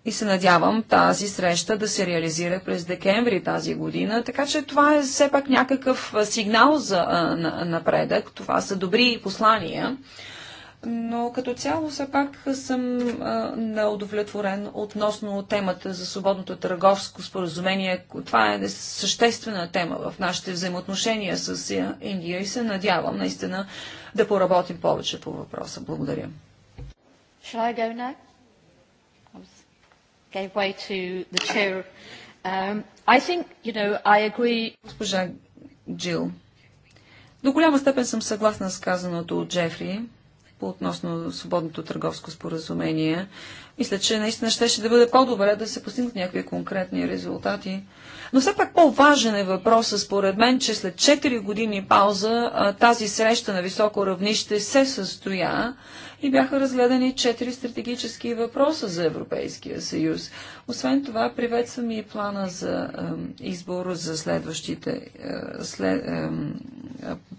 и се надявам тази среща да се реализира през декември тази година. Така че това е все пак някакъв сигнал за на, напредък. Това са добри послания. Но като цяло все пак съм неудовлетворен относно темата за свободното търговско споразумение. Това е съществена тема в нашите взаимоотношения с Индия и се надявам наистина да поработим повече по въпроса. Благодаря. Shall I go now? gave way to the chair. Um, I think, you know, I agree. Госпожа Джил, до голяма степен съм съгласна с казаното от Джефри по относно свободното търговско споразумение. Мисля, че наистина ще, ще да бъде по-добре да се постигнат някакви конкретни резултати, но все пак по-важен е въпросът според мен, че след 4 години пауза тази среща на високо равнище се състоя и бяха разгледани 4 стратегически въпроса за Европейския съюз. Освен това, приветствам и плана за избор за следващите след,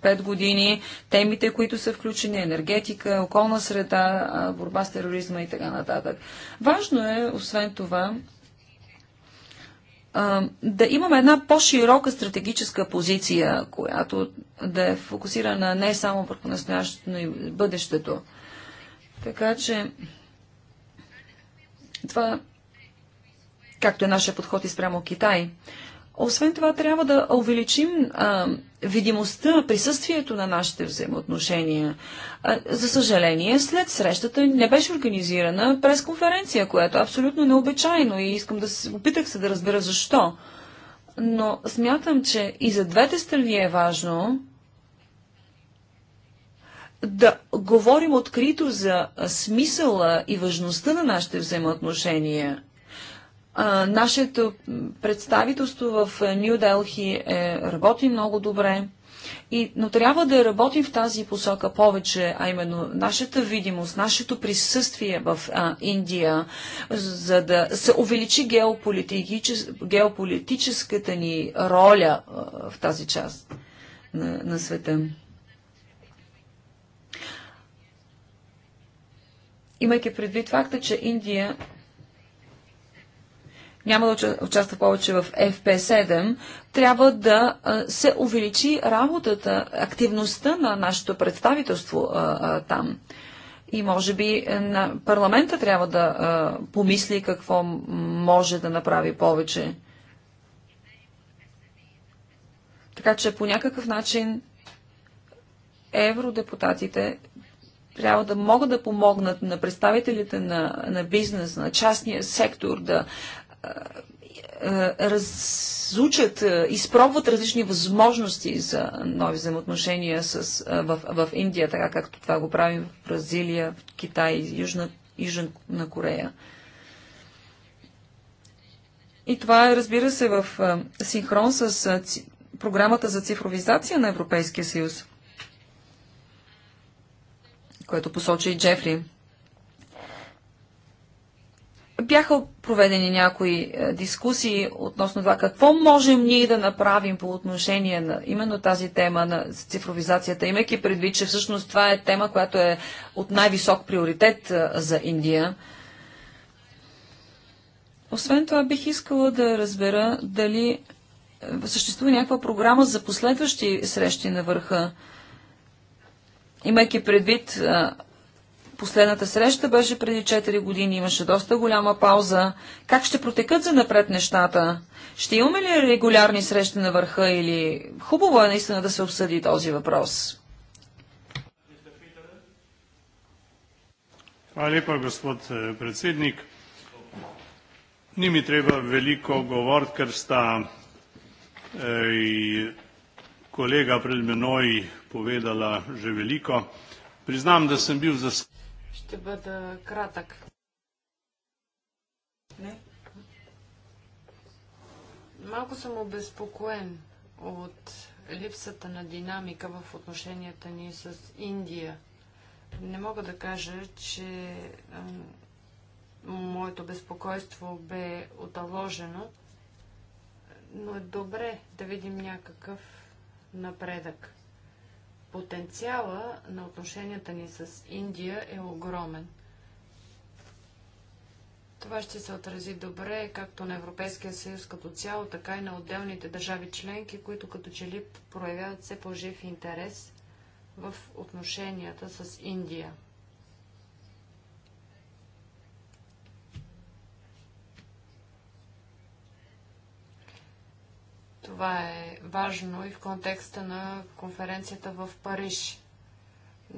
5 години, темите, които са включени, енергетика, околна среда, борба с тероризма и така нататък. Важно е, освен това, да имаме една по-широка стратегическа позиция, която да е фокусирана не само върху настоящето, но и бъдещето. Така че това, както е нашия подход и спрямо Китай, освен това, трябва да увеличим а, видимостта, присъствието на нашите взаимоотношения. А, за съжаление, след срещата не беше организирана пресконференция, което е абсолютно необичайно и искам да се, опитах се да разбера защо. Но смятам, че и за двете страни е важно да говорим открито за смисъла и важността на нашите взаимоотношения – нашето представителство в е, Нью Делхи е, работи много добре. И, но трябва да работим в тази посока повече, а именно нашата видимост, нашето присъствие в а, Индия, за да се увеличи геополитичес, геополитическата ни роля а, в тази част на, на света. Имайки предвид факта, че Индия няма да участва повече в FP7, трябва да се увеличи работата, активността на нашето представителство там. И може би е, на парламента трябва да помисли какво може да направи повече. Така че по някакъв начин евродепутатите трябва да могат да помогнат на представителите на, на бизнес, на частния сектор да е, е, разучат, е, изпробват различни възможности за нови взаимоотношения с, в, в Индия, така както това го правим в Бразилия, в Китай, Южна, Южна Корея. И това е, разбира се, в синхрон с програмата за цифровизация на Европейския съюз, което посочи и Джефри. Бяха проведени някои е, дискусии относно това какво можем ние да направим по отношение на именно тази тема на цифровизацията, имайки предвид, че всъщност това е тема, която е от най-висок приоритет е, за Индия. Освен това, бих искала да разбера дали съществува някаква програма за последващи срещи на върха, имайки предвид е, Последната среща беше преди 4 години, имаше доста голяма пауза. Как ще протекат за напред нещата? Ще имаме ли регулярни срещи на върха или хубаво е наистина да се обсъди този въпрос? Hvala lepa, gospod е, predsednik. Ni mi treba veliko govoriti, ker sta e, kolega pred menoj povedala že veliko. Priznam, da sem bil zaskrbljen. Ще бъда кратък. Не. Малко съм обезпокоен от липсата на динамика в отношенията ни с Индия. Не мога да кажа, че моето безпокойство бе оталожено, но е добре да видим някакъв напредък. Потенциала на отношенията ни с Индия е огромен. Това ще се отрази добре както на Европейския съюз като цяло, така и на отделните държави членки, които като че ли проявяват все по-жив интерес в отношенията с Индия. Това е важно и в контекста на конференцията в Париж.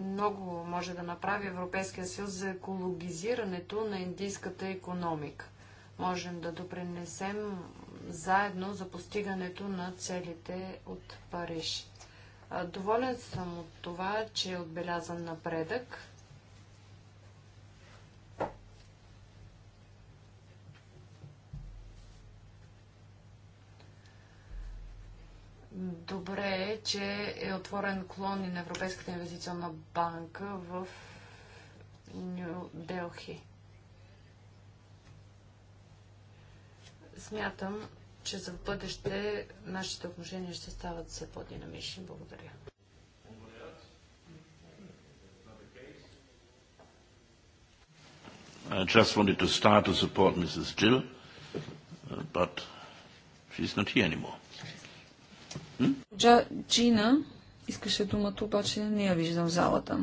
Много може да направи Европейския съюз за екологизирането на индийската економика. Можем да допринесем заедно за постигането на целите от Париж. Доволен съм от това, че е отбелязан напредък Добре е, че е отворен клон и на Европейската инвестиционна банка в Нью Делхи. Смятам, че за бъдеще нашите отношения ще стават все по-динамични. Благодаря. I just wanted to start to support Mrs. Jill, uh, but she's not here anymore. Джа Джина искаше думата, обаче не я виждам в залата.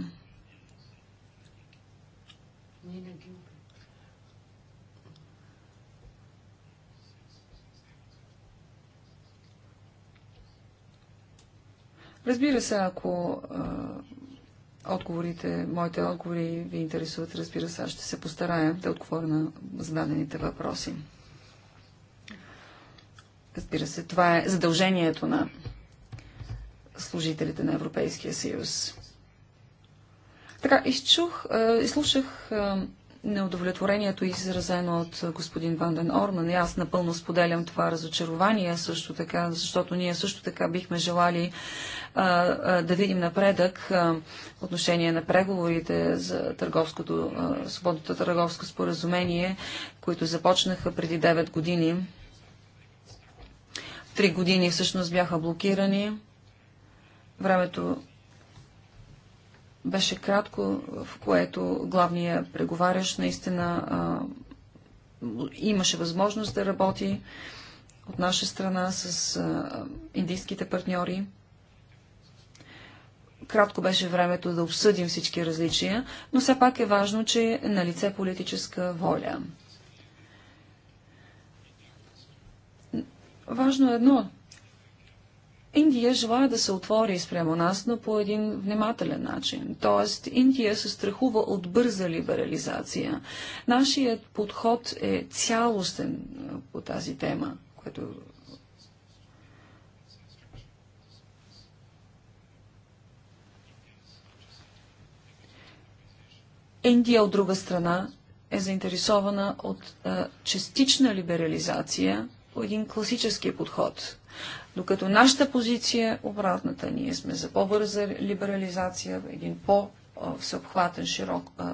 Разбира се, ако а, отговорите, моите отговори ви интересуват, разбира се, аз ще се постарая да отговоря на зададените въпроси. Разбира се, това е задължението на служителите на Европейския съюз. Така, изчух, изслушах неудовлетворението, изразено от господин Ванден Орман. И аз напълно споделям това разочарование също така, защото ние също така бихме желали а, а, да видим напредък а, отношение на преговорите за търговското, а, свободното търговско споразумение, които започнаха преди 9 години Три години всъщност бяха блокирани. Времето беше кратко, в което главния преговарящ наистина а, имаше възможност да работи от наша страна с а, индийските партньори. Кратко беше времето да обсъдим всички различия, но все пак е важно, че е на лице политическа воля. Важно е едно. Индия желая да се отвори спрямо нас, но по един внимателен начин. Тоест, Индия се страхува от бърза либерализация. Нашият подход е цялостен по тази тема, което Индия, от друга страна, е заинтересована от а, частична либерализация един класически подход. Докато нашата позиция е обратната. Ние сме за по-бърза либерализация, един по-всеобхватен, широк а,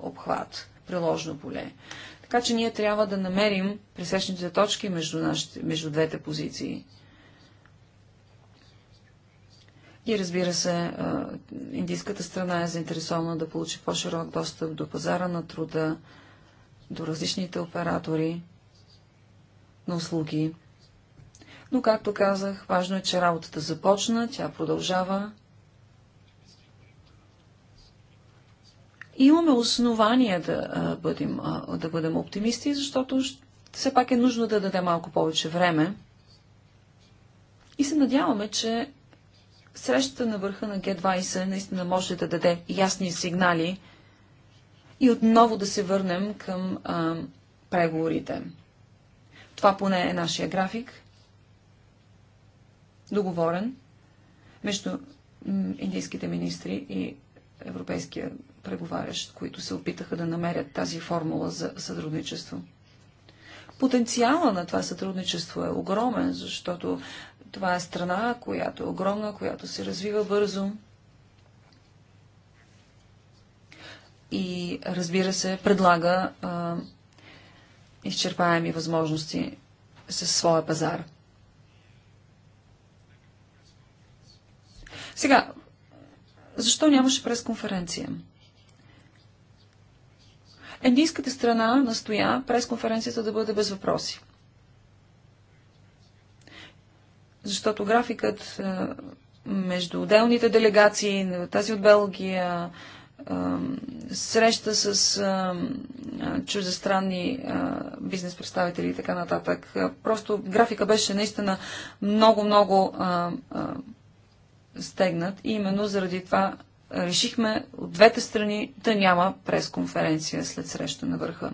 обхват, приложно поле. Така че ние трябва да намерим пресечните точки между, нашите, между двете позиции. И разбира се, индийската страна е заинтересована да получи по-широк достъп до пазара на труда, до различните оператори, на услуги. Но, както казах, важно е, че работата започна, тя продължава. И имаме основания да бъдем, да бъдем оптимисти, защото все пак е нужно да дадем малко повече време. И се надяваме, че срещата на върха на Г20 наистина може да даде ясни сигнали и отново да се върнем към а, преговорите. Това поне е нашия график, договорен между индийските министри и европейския преговарящ, които се опитаха да намерят тази формула за сътрудничество. Потенциала на това сътрудничество е огромен, защото това е страна, която е огромна, която се развива бързо. И разбира се, предлага а, изчерпаеми възможности със своя пазар. Сега, защо нямаше пресконференция? Индийската страна настоя пресконференцията да бъде без въпроси. Защото графикът е, между отделните делегации, тази от Белгия, среща с а, чуждестранни а, бизнес представители и така нататък. Просто графика беше наистина много-много стегнат и именно заради това решихме от двете страни да няма пресконференция след среща на върха.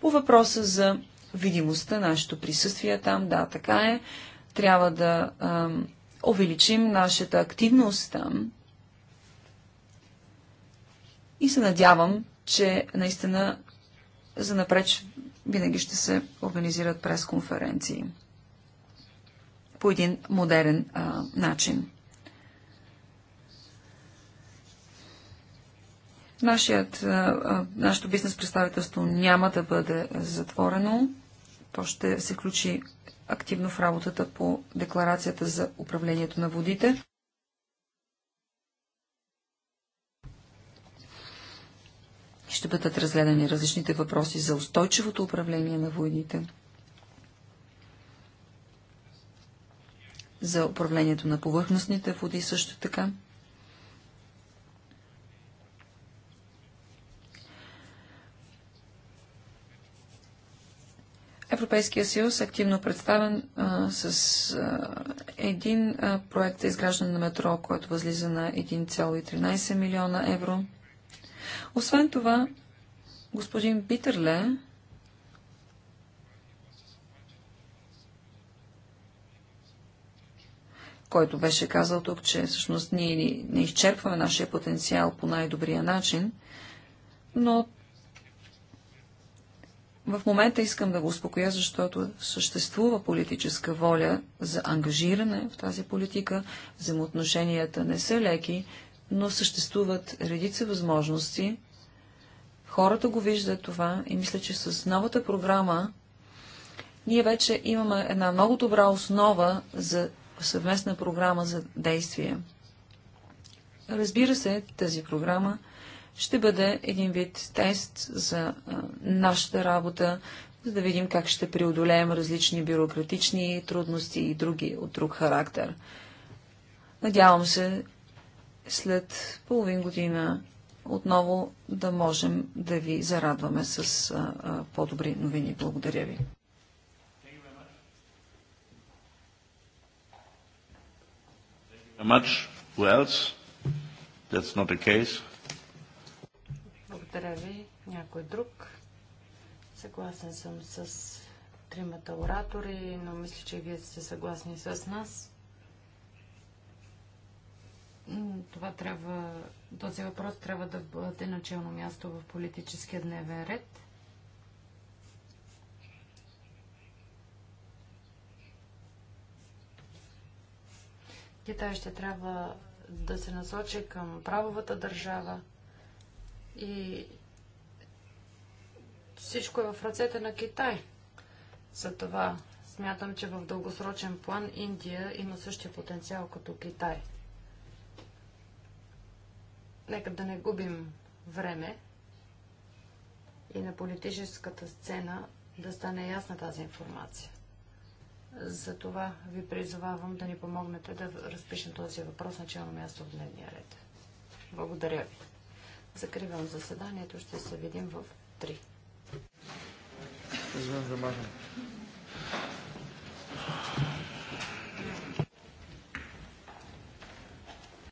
По въпроса за видимостта, нашето присъствие там, да, така е. Трябва да а, увеличим нашата активност там, и се надявам, че наистина за напреч винаги ще се организират пресконференции по един модерен а, начин. Нашият, а, нашето бизнес представителство няма да бъде затворено. То ще се включи активно в работата по декларацията за управлението на водите. и ще бъдат разгледани различните въпроси за устойчивото управление на войните, за управлението на повърхностните води също така. Европейския съюз е активно представен а, с а, един а, проект за изграждане на метро, който възлиза на 1,13 милиона евро. Освен това, господин Питерле който беше казал тук, че всъщност ние не изчерпваме нашия потенциал по най-добрия начин, но в момента искам да го успокоя, защото съществува политическа воля за ангажиране в тази политика, взаимоотношенията не са леки, но съществуват редица възможности. Хората го виждат това и мисля, че с новата програма ние вече имаме една много добра основа за съвместна програма за действие. Разбира се, тази програма ще бъде един вид тест за а, нашата работа, за да видим как ще преодолеем различни бюрократични трудности и други от друг характер. Надявам се след половин година отново да можем да ви зарадваме с по-добри новини. Благодаря ви. Благодаря ви. Някой друг? Съгласен съм с тримата оратори, но мисля, че вие сте съгласни с нас това трябва, този въпрос трябва да бъде начално място в политическия дневен ред. Китай ще трябва да се насочи към правовата държава и всичко е в ръцете на Китай. За това смятам, че в дългосрочен план Индия има същия потенциал като Китай. Нека да не губим време и на политическата сцена да стане ясна тази информация. Затова ви призовавам да ни помогнете да разпишем този въпрос челно място в дневния ред. Благодаря ви. Закривам заседанието. Ще се видим в 3.